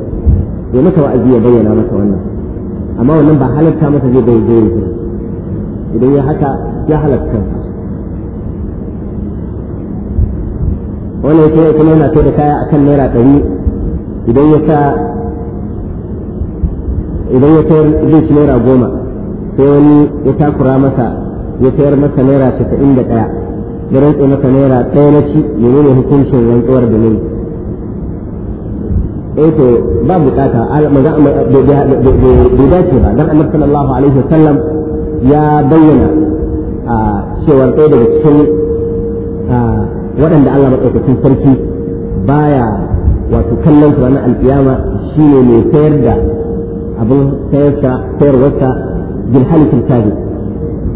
Speaker 1: ya maka wa'azi ya bayyana masa wannan amma wannan ba halatta masa zai bai zai idan ya haka ya halatta wannan yake kuma yana sai da kaya akan naira ɗari idan ya sa idan ya sayar zai ci naira goma sai wani ya takura masa ya sayar masa naira casa'in da ɗaya ya rantse maka naira ɗaya na ci menene hukuncin rantsuwar da nayi eh to ba bukata eh, bai dace ba dan annabi sallallahu alaihi sallam ya bayyana a cewar ɗaya daga cikin waɗanda Allah maɗaukakin sarki baya wato kallon su ranar alƙiyama shine mai sayar da abin sayarsa sayarwarsa bilhalikul kadhib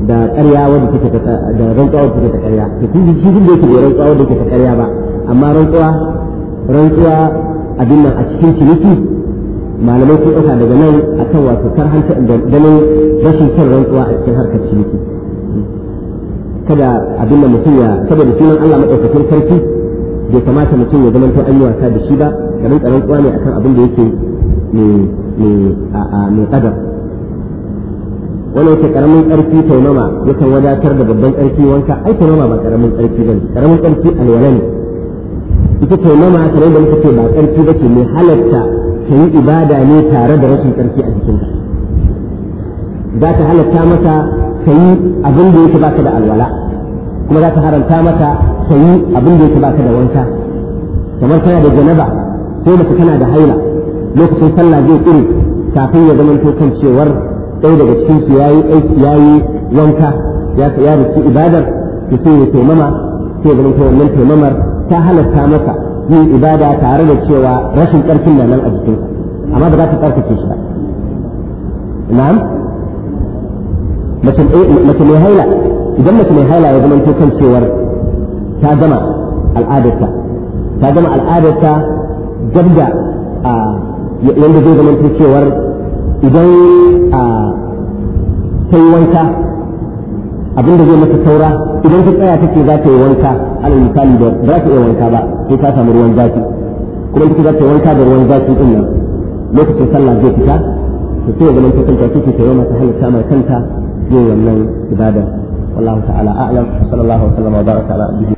Speaker 1: da ƙarya wanda take ta da rantsuwa wanda take ta ƙarya to kun ji shi da yake da rantsuwa wanda take ta ƙarya ba amma rantsuwa rantsuwa abin nan a cikin ciniki malamai sun ɗauka daga nan akan wato kar hanta da ganin rashin kan rantsuwa a cikin harkar ciniki kada abin da mutum ya saboda sunan Allah madaukakin sarki bai kamata mutum ya zama to an yi wasa da shi ba da rantsuwa ne akan abin da yake ne ne a ne kadar wani yake karamin karfi taimama yakan wadatar da babban karfi wanka ai taimama ba karamin karfi bane karamin karfi alwala ne ita taimama ta da muka ce ba karfi bace mai halatta ta yi ibada ne tare da rashin karfi a jikinka za ta halatta mata ta yi abin da yake baka da alwala kuma za ta haramta mata ta yi abin da yake baka da wanka kamar kana da janaba ko mace tana da haila lokacin sallah zai tsiri kafin ya zama kan cewar ɗaya daga cikin su yayi aiki yayi wanka ya ya rubuci ibadar ki sai ya taimama sai ganin ta wannan taimamar ta halatta maka yin ibada tare da cewa rashin ƙarfin na nan a jikin amma ba za ta ƙarfafe shi ba na'am mace mai haila idan mace mai haila ya zama kan cewar ta gama al'adarta ta gama al'adarta gab da yadda zai zama cewar idan a ta yi wanka abinda zai mata saura idan ta tsaya take za ta yi wanka alal misali da za ta iya wanka ba sai ta samu ruwan zafi kuma take za ta yi wanka da ruwan zafi din nan lokacin sallah zai fita to sai zaman ta kanta take ta yi mata halitta mai kanta zai wannan ibada wallahu ta'ala a'lam sallallahu alaihi wa sallam wa baraka ala